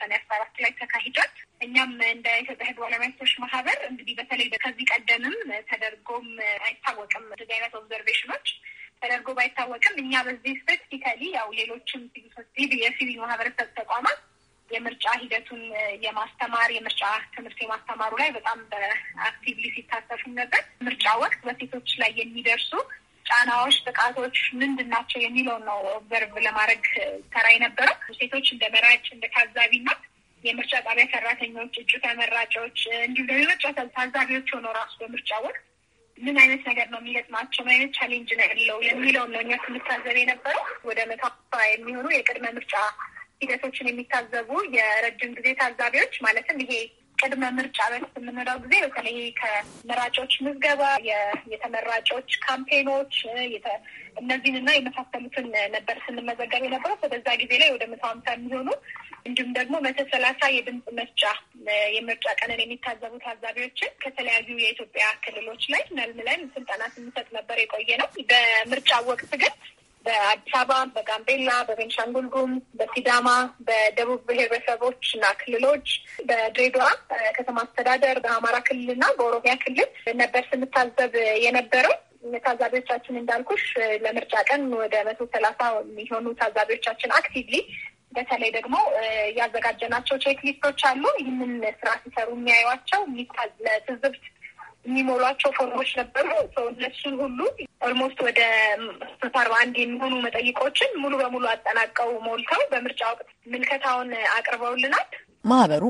ሰኔ አስራ አራት ላይ ተካሂዷል። እኛም እንደ ኢትዮጵያ ሕግ ባለሙያዎች ማህበር እንግዲህ በተለይ ከዚህ ቀደምም ተደርጎም አይታወቅም እንደዚህ አይነት ኦብዘርቬሽኖች ተደርጎ ባይታወቅም እኛ በዚህ ስፔሲፊካሊ ያው ሌሎችም የሲቪል ማህበረሰብ ተቋማት የምርጫ ሂደቱን የማስተማር የምርጫ ትምህርት የማስተማሩ ላይ በጣም በአክቲቭሊ ሲታሰፉ ነበር። ምርጫ ወቅት በሴቶች ላይ የሚደርሱ ጫናዎች፣ ጥቃቶች ምንድን ናቸው የሚለውን ነው ኦብዘርቭ ለማድረግ ተራ የነበረው ሴቶች እንደ መራጭ እንደ ታዛቢና የምርጫ ጣቢያ ሰራተኞች፣ እጩ ተመራጮች እንዲሁም ደግሞ ታዛቢዎች ሆኖ ራሱ በምርጫ ወቅት ምን አይነት ነገር ነው የሚገጥማቸው፣ ምን አይነት ቻሌንጅ ነው ያለው የሚለውን ነው እኛ ስንታዘብ የነበረው። ወደ መቶ የሚሆኑ የቅድመ ምርጫ ሂደቶችን የሚታዘቡ የረጅም ጊዜ ታዛቢዎች ማለትም ይሄ ቅድመ ምርጫ በፊት የምንለው ጊዜ በተለይ ከመራጮች ምዝገባ፣ የተመራጮች ካምፔኖች እነዚህን እና የመሳሰሉትን ነበር ስንመዘገብ የነበረው። በዛ ጊዜ ላይ ወደ መቶ ሀምሳ የሚሆኑ እንዲሁም ደግሞ መቶ ሰላሳ የድምፅ መስጫ የምርጫ ቀንን የሚታዘቡ ታዛቢዎችን ከተለያዩ የኢትዮጵያ ክልሎች ላይ መልምለን ስልጠና ስንሰጥ ነበር የቆየ ነው። በምርጫ ወቅት ግን በአዲስ አበባ፣ በጋምቤላ፣ በቤንሻንጉል ጉሙዝ፣ በሲዳማ፣ በደቡብ ብሔረሰቦች እና ክልሎች፣ በድሬዳዋ ከተማ አስተዳደር፣ በአማራ ክልል እና በኦሮሚያ ክልል ነበር ስንታዘብ የነበረው። ታዛቢዎቻችን እንዳልኩሽ ለምርጫ ቀን ወደ መቶ ሰላሳ የሚሆኑ ታዛቢዎቻችን አክቲቭሊ በተለይ ደግሞ ያዘጋጀናቸው ቼክሊስቶች አሉ። ይህንን ስራ ሲሰሩ የሚያዩዋቸው ለትዝብት የሚሞሏቸው ፎርሞች ነበሩ። እነሱን ሁሉ ኦልሞስት ወደ አርባ አንድ የሚሆኑ መጠይቆችን ሙሉ በሙሉ አጠናቀው ሞልተው በምርጫ ወቅት ምልከታውን አቅርበውልናል። ማህበሩ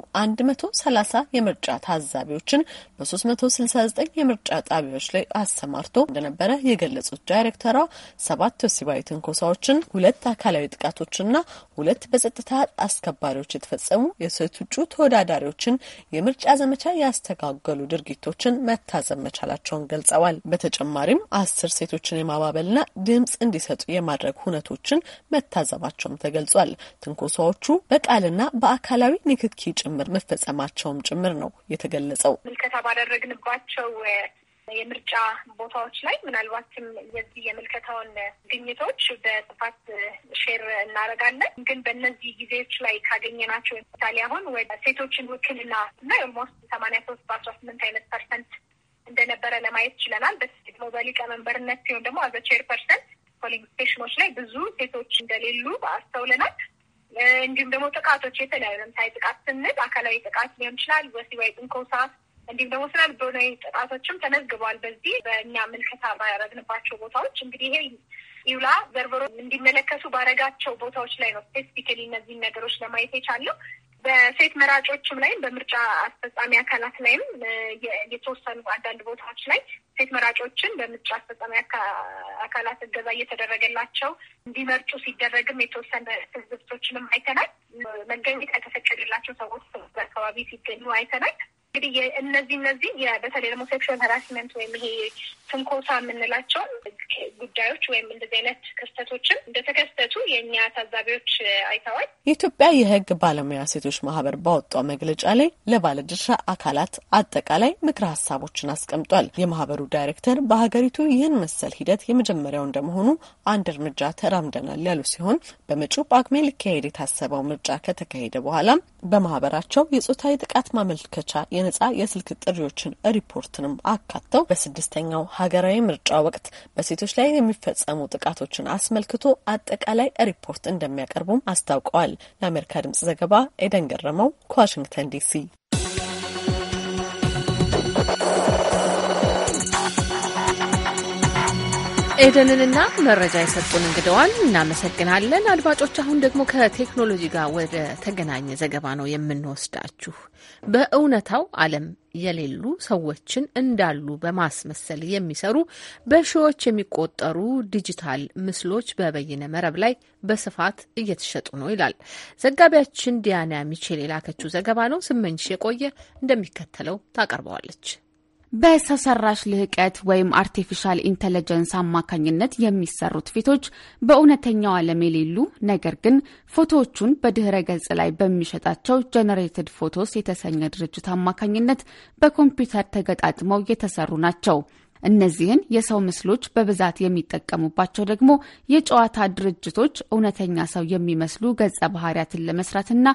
130 የምርጫ ታዛቢዎችን በ369 የምርጫ ጣቢያዎች ላይ አሰማርቶ እንደነበረ የገለጹት ዳይሬክተሯ ሰባት ወሲባዊ ትንኮሳዎችን፣ ሁለት አካላዊ ጥቃቶችና ሁለት በጸጥታ አስከባሪዎች የተፈጸሙ የሴት እጩ ተወዳዳሪዎችን የምርጫ ዘመቻ ያስተጋገሉ ድርጊቶችን መታዘብ መቻላቸውን ገልጸዋል። በተጨማሪም አስር ሴቶችን የማባበልና ድምጽ እንዲሰጡ የማድረግ ሁነቶችን መታዘባቸውም ተገልጿል። ትንኮሳዎቹ በቃልና በአካላዊ ንክኪ ጭምር መፈጸማቸውም ጭምር ነው የተገለጸው። ምልከታ ባደረግንባቸው የምርጫ ቦታዎች ላይ ምናልባትም የዚህ የምልከታውን ግኝቶች በጽፋት ሼር እናደርጋለን። ግን በእነዚህ ጊዜዎች ላይ ካገኘናቸው ምሳሌ አሁን ወደ ሴቶችን ውክልና እና ኦልሞስት ሰማንያ ሶስት በአስራ ስምንት አይነት ፐርሰንት እንደነበረ ለማየት ችለናል። ደግሞ በሊቀመንበርነት ሲሆን ደግሞ አዘ ቼር ፐርሰንት ፖሊንግ ስቴሽኖች ላይ ብዙ ሴቶች እንደሌሉ አስተውለናል። እንዲሁም ደግሞ ጥቃቶች የተለያዩ ለምሳሌ ጥቃት ስንል አካላዊ ጥቃት ሊሆን ይችላል፣ ወሲባዊ ትንኮሳ እንዲሁም ደግሞ ስነ ልቦናዊ ጥቃቶችም ተመዝግበዋል። በዚህ በእኛ ምልከታ ባያረግንባቸው ቦታዎች እንግዲህ ይሄ ኢውላ ዘርበሮ እንዲመለከቱ ባረጋቸው ቦታዎች ላይ ነው ስፔሲፊካሊ እነዚህን ነገሮች ለማየት የቻለው። በሴት መራጮችም ላይም በምርጫ አስፈጻሚ አካላት ላይም የተወሰኑ አንዳንድ ቦታዎች ላይ ሴት መራጮችን በምርጫ አስፈጻሚ አካላት እገዛ እየተደረገላቸው እንዲመርጡ ሲደረግም የተወሰነ ትዝብቶችንም አይተናል። መገኘት ያልተፈቀደላቸው ሰዎች በአካባቢ ሲገኙ አይተናል። እንግዲህ እነዚህ እነዚህ በተለይ ደግሞ ሴክሹዋል ሀራስመንት ወይም ይሄ ትንኮሳ የምንላቸውን ጉዳዮች ወይም እንደዚህ አይነት ክስተቶችን እንደተከስተቱ የእኛ ታዛቢዎች አይተዋል። የኢትዮጵያ የሕግ ባለሙያ ሴቶች ማህበር ባወጣው መግለጫ ላይ ለባለድርሻ አካላት አጠቃላይ ምክረ ሀሳቦችን አስቀምጧል። የማህበሩ ዳይሬክተር በሀገሪቱ ይህን መሰል ሂደት የመጀመሪያው እንደመሆኑ አንድ እርምጃ ተራምደናል ያሉ ሲሆን በመጪው ጳጉሜ ሊካሄድ የታሰበው ምርጫ ከተካሄደ በኋላም በማህበራቸው የጾታዊ ጥቃት ማመልከቻ የነጻ የስልክ ጥሪዎችን ሪፖርትንም አካተው በስድስተኛው ሀገራዊ ምርጫ ወቅት በሴቶች ላይ የሚፈጸሙ ጥቃቶችን አስመልክቶ አጠቃላይ ሪፖርት እንደሚያቀርቡም አስታውቀዋል። ለአሜሪካ ድምጽ ዘገባ ኤደን ገረመው ከዋሽንግተን ዲሲ ኤደንንና መረጃ የሰጡን እንግደዋል እናመሰግናለን። አድማጮች፣ አሁን ደግሞ ከቴክኖሎጂ ጋር ወደ ተገናኘ ዘገባ ነው የምንወስዳችሁ። በእውነታው ዓለም የሌሉ ሰዎችን እንዳሉ በማስመሰል የሚሰሩ በሺዎች የሚቆጠሩ ዲጂታል ምስሎች በበይነ መረብ ላይ በስፋት እየተሸጡ ነው ይላል ዘጋቢያችን ዲያና ሚቼል የላከችው ዘገባ ነው። ስመኝሽ የቆየ እንደሚከተለው ታቀርበዋለች። በሰው ሰራሽ ልህቀት ወይም አርቲፊሻል ኢንተለጀንስ አማካኝነት የሚሰሩት ፊቶች በእውነተኛው ዓለም የሌሉ ነገር ግን ፎቶዎቹን በድህረ ገጽ ላይ በሚሸጣቸው ጀነሬትድ ፎቶስ የተሰኘ ድርጅት አማካኝነት በኮምፒውተር ተገጣጥመው የተሰሩ ናቸው። እነዚህን የሰው ምስሎች በብዛት የሚጠቀሙባቸው ደግሞ የጨዋታ ድርጅቶች እውነተኛ ሰው የሚመስሉ ገጸ ባህሪያትን ለመስራትና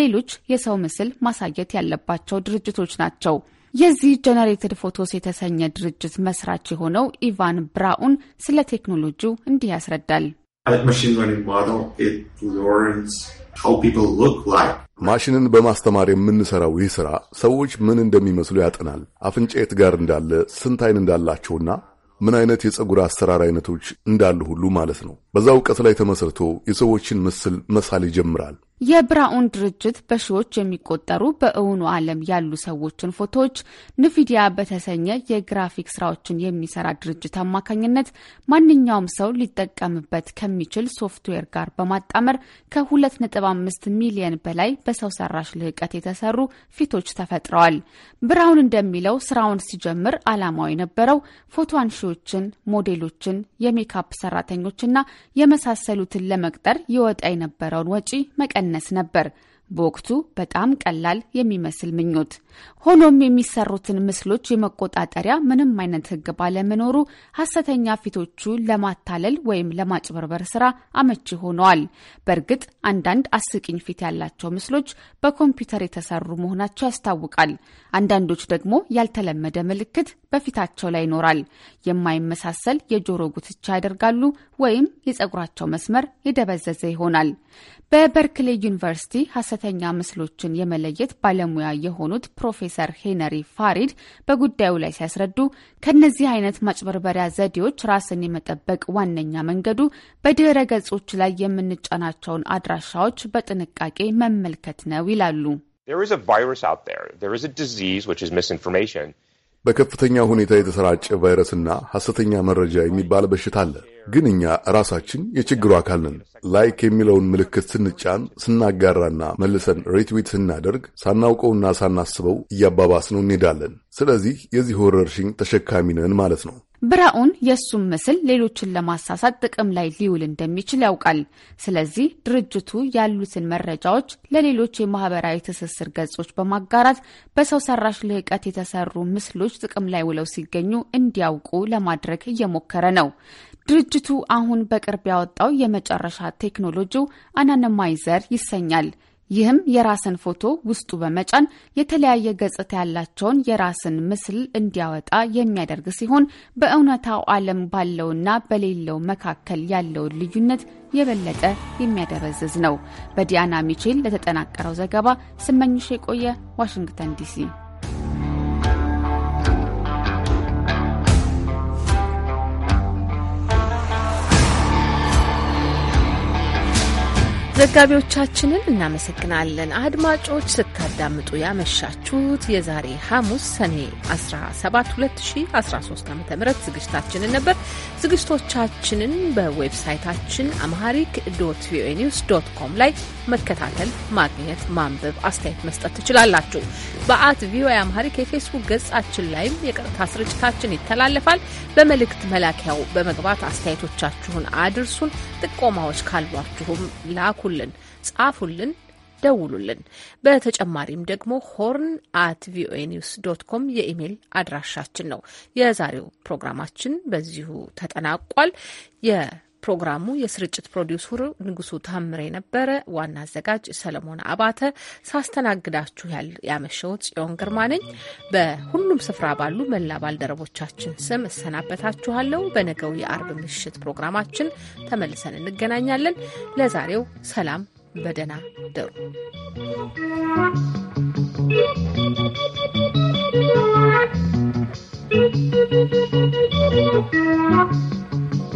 ሌሎች የሰው ምስል ማሳየት ያለባቸው ድርጅቶች ናቸው። የዚህ ጀነሬትድ ፎቶስ የተሰኘ ድርጅት መስራች የሆነው ኢቫን ብራኡን ስለ ቴክኖሎጂው እንዲህ ያስረዳል። ማሽንን በማስተማር የምንሰራው ይህ ስራ ሰዎች ምን እንደሚመስሉ ያጠናል። አፍንጫ የት ጋር እንዳለ፣ ስንት አይን እንዳላቸውና ምን አይነት የፀጉር አሰራር አይነቶች እንዳሉ ሁሉ ማለት ነው። በዛ እውቀት ላይ ተመስርቶ የሰዎችን ምስል መሳል ይጀምራል። የብራውን ድርጅት በሺዎች የሚቆጠሩ በእውኑ ዓለም ያሉ ሰዎችን ፎቶዎች ንቪዲያ በተሰኘ የግራፊክ ስራዎችን የሚሰራ ድርጅት አማካኝነት ማንኛውም ሰው ሊጠቀምበት ከሚችል ሶፍትዌር ጋር በማጣመር ከ2.5 ሚሊዮን በላይ በሰው ሰራሽ ልህቀት የተሰሩ ፊቶች ተፈጥረዋል። ብራውን እንደሚለው ስራውን ሲጀምር ዓላማው የነበረው ፎቶ አንሺ ጸሐፊዎችን፣ ሞዴሎችን፣ የሜካፕ ሰራተኞችና የመሳሰሉትን ለመቅጠር ይወጣ የነበረውን ወጪ መቀነስ ነበር። በወቅቱ በጣም ቀላል የሚመስል ምኞት። ሆኖም የሚሰሩትን ምስሎች የመቆጣጠሪያ ምንም አይነት ሕግ ባለመኖሩ ሀሰተኛ ፊቶቹ ለማታለል ወይም ለማጭበርበር ስራ አመቺ ሆነዋል። በእርግጥ አንዳንድ አስቂኝ ፊት ያላቸው ምስሎች በኮምፒውተር የተሰሩ መሆናቸው ያስታውቃል። አንዳንዶች ደግሞ ያልተለመደ ምልክት በፊታቸው ላይ ይኖራል። የማይመሳሰል የጆሮ ጉትቻ ያደርጋሉ ወይም የጸጉራቸው መስመር የደበዘዘ ይሆናል። በበርክሌ ዩኒቨርሲቲ ሐሰተኛ ምስሎችን የመለየት ባለሙያ የሆኑት ፕሮፌሰር ሄነሪ ፋሪድ በጉዳዩ ላይ ሲያስረዱ ከእነዚህ አይነት ማጭበርበሪያ ዘዴዎች ራስን የመጠበቅ ዋነኛ መንገዱ በድህረ ገጾች ላይ የምንጫናቸውን አድራሻዎች በጥንቃቄ መመልከት ነው ይላሉ። በከፍተኛ ሁኔታ የተሰራጨ ቫይረስና ሐሰተኛ መረጃ የሚባል በሽታ አለ። ግን እኛ ራሳችን የችግሩ አካል ነን። ላይክ የሚለውን ምልክት ስንጫን፣ ስናጋራና መልሰን ሬትዊት ስናደርግ ሳናውቀውና ሳናስበው እያባባስ ነው እንሄዳለን። ስለዚህ የዚህ ወረርሽኝ ተሸካሚ ነን ማለት ነው። ብራኡን የእሱም ምስል ሌሎችን ለማሳሳት ጥቅም ላይ ሊውል እንደሚችል ያውቃል። ስለዚህ ድርጅቱ ያሉትን መረጃዎች ለሌሎች የማህበራዊ ትስስር ገጾች በማጋራት በሰው ሰራሽ ልህቀት የተሰሩ ምስሎች ጥቅም ላይ ውለው ሲገኙ እንዲያውቁ ለማድረግ እየሞከረ ነው። ድርጅቱ አሁን በቅርብ ያወጣው የመጨረሻ ቴክኖሎጂው አናነማይዘር ይሰኛል። ይህም የራስን ፎቶ ውስጡ በመጫን የተለያየ ገጽታ ያላቸውን የራስን ምስል እንዲያወጣ የሚያደርግ ሲሆን በእውነታው ዓለም ባለውና በሌለው መካከል ያለውን ልዩነት የበለጠ የሚያደበዝዝ ነው። በዲያና ሚቼል ለተጠናቀረው ዘገባ ስመኝሽ የቆየ ዋሽንግተን ዲሲ ዘጋቢዎቻችንን እናመሰግናለን። አድማጮች ስታዳምጡ ያመሻችሁት የዛሬ ሐሙስ ሰኔ 17 2013 ዓ ም ዝግጅታችንን ነበር። ዝግጅቶቻችንን በዌብሳይታችን አምሃሪክ ዶት ቪኦኤ ኒውስ ዶት ኮም ላይ መከታተል፣ ማግኘት፣ ማንበብ፣ አስተያየት መስጠት ትችላላችሁ። በአት ቪኦኤ አምሃሪክ የፌስቡክ ገጻችን ላይም የቀጥታ ስርጭታችን ይተላለፋል። በመልእክት መላኪያው በመግባት አስተያየቶቻችሁን አድርሱን። ጥቆማዎች ካሏችሁም ላኩ ላኩልን፣ ጻፉልን፣ ደውሉልን። በተጨማሪም ደግሞ ሆርን አት ቪኦኤ ኒውስ ዶት ኮም የኢሜይል አድራሻችን ነው። የዛሬው ፕሮግራማችን በዚሁ ተጠናቋል። ፕሮግራሙ የስርጭት ፕሮዲውሰሩ ንጉሱ ታምሬ ነበረ። ዋና አዘጋጅ ሰለሞን አባተ፣ ሳስተናግዳችሁ ያመሸው ጽዮን ግርማ ነኝ። በሁሉም ስፍራ ባሉ መላ ባልደረቦቻችን ስም እሰናበታችኋለሁ። በነገው የአርብ ምሽት ፕሮግራማችን ተመልሰን እንገናኛለን። ለዛሬው ሰላም፣ በደህና ደሩ።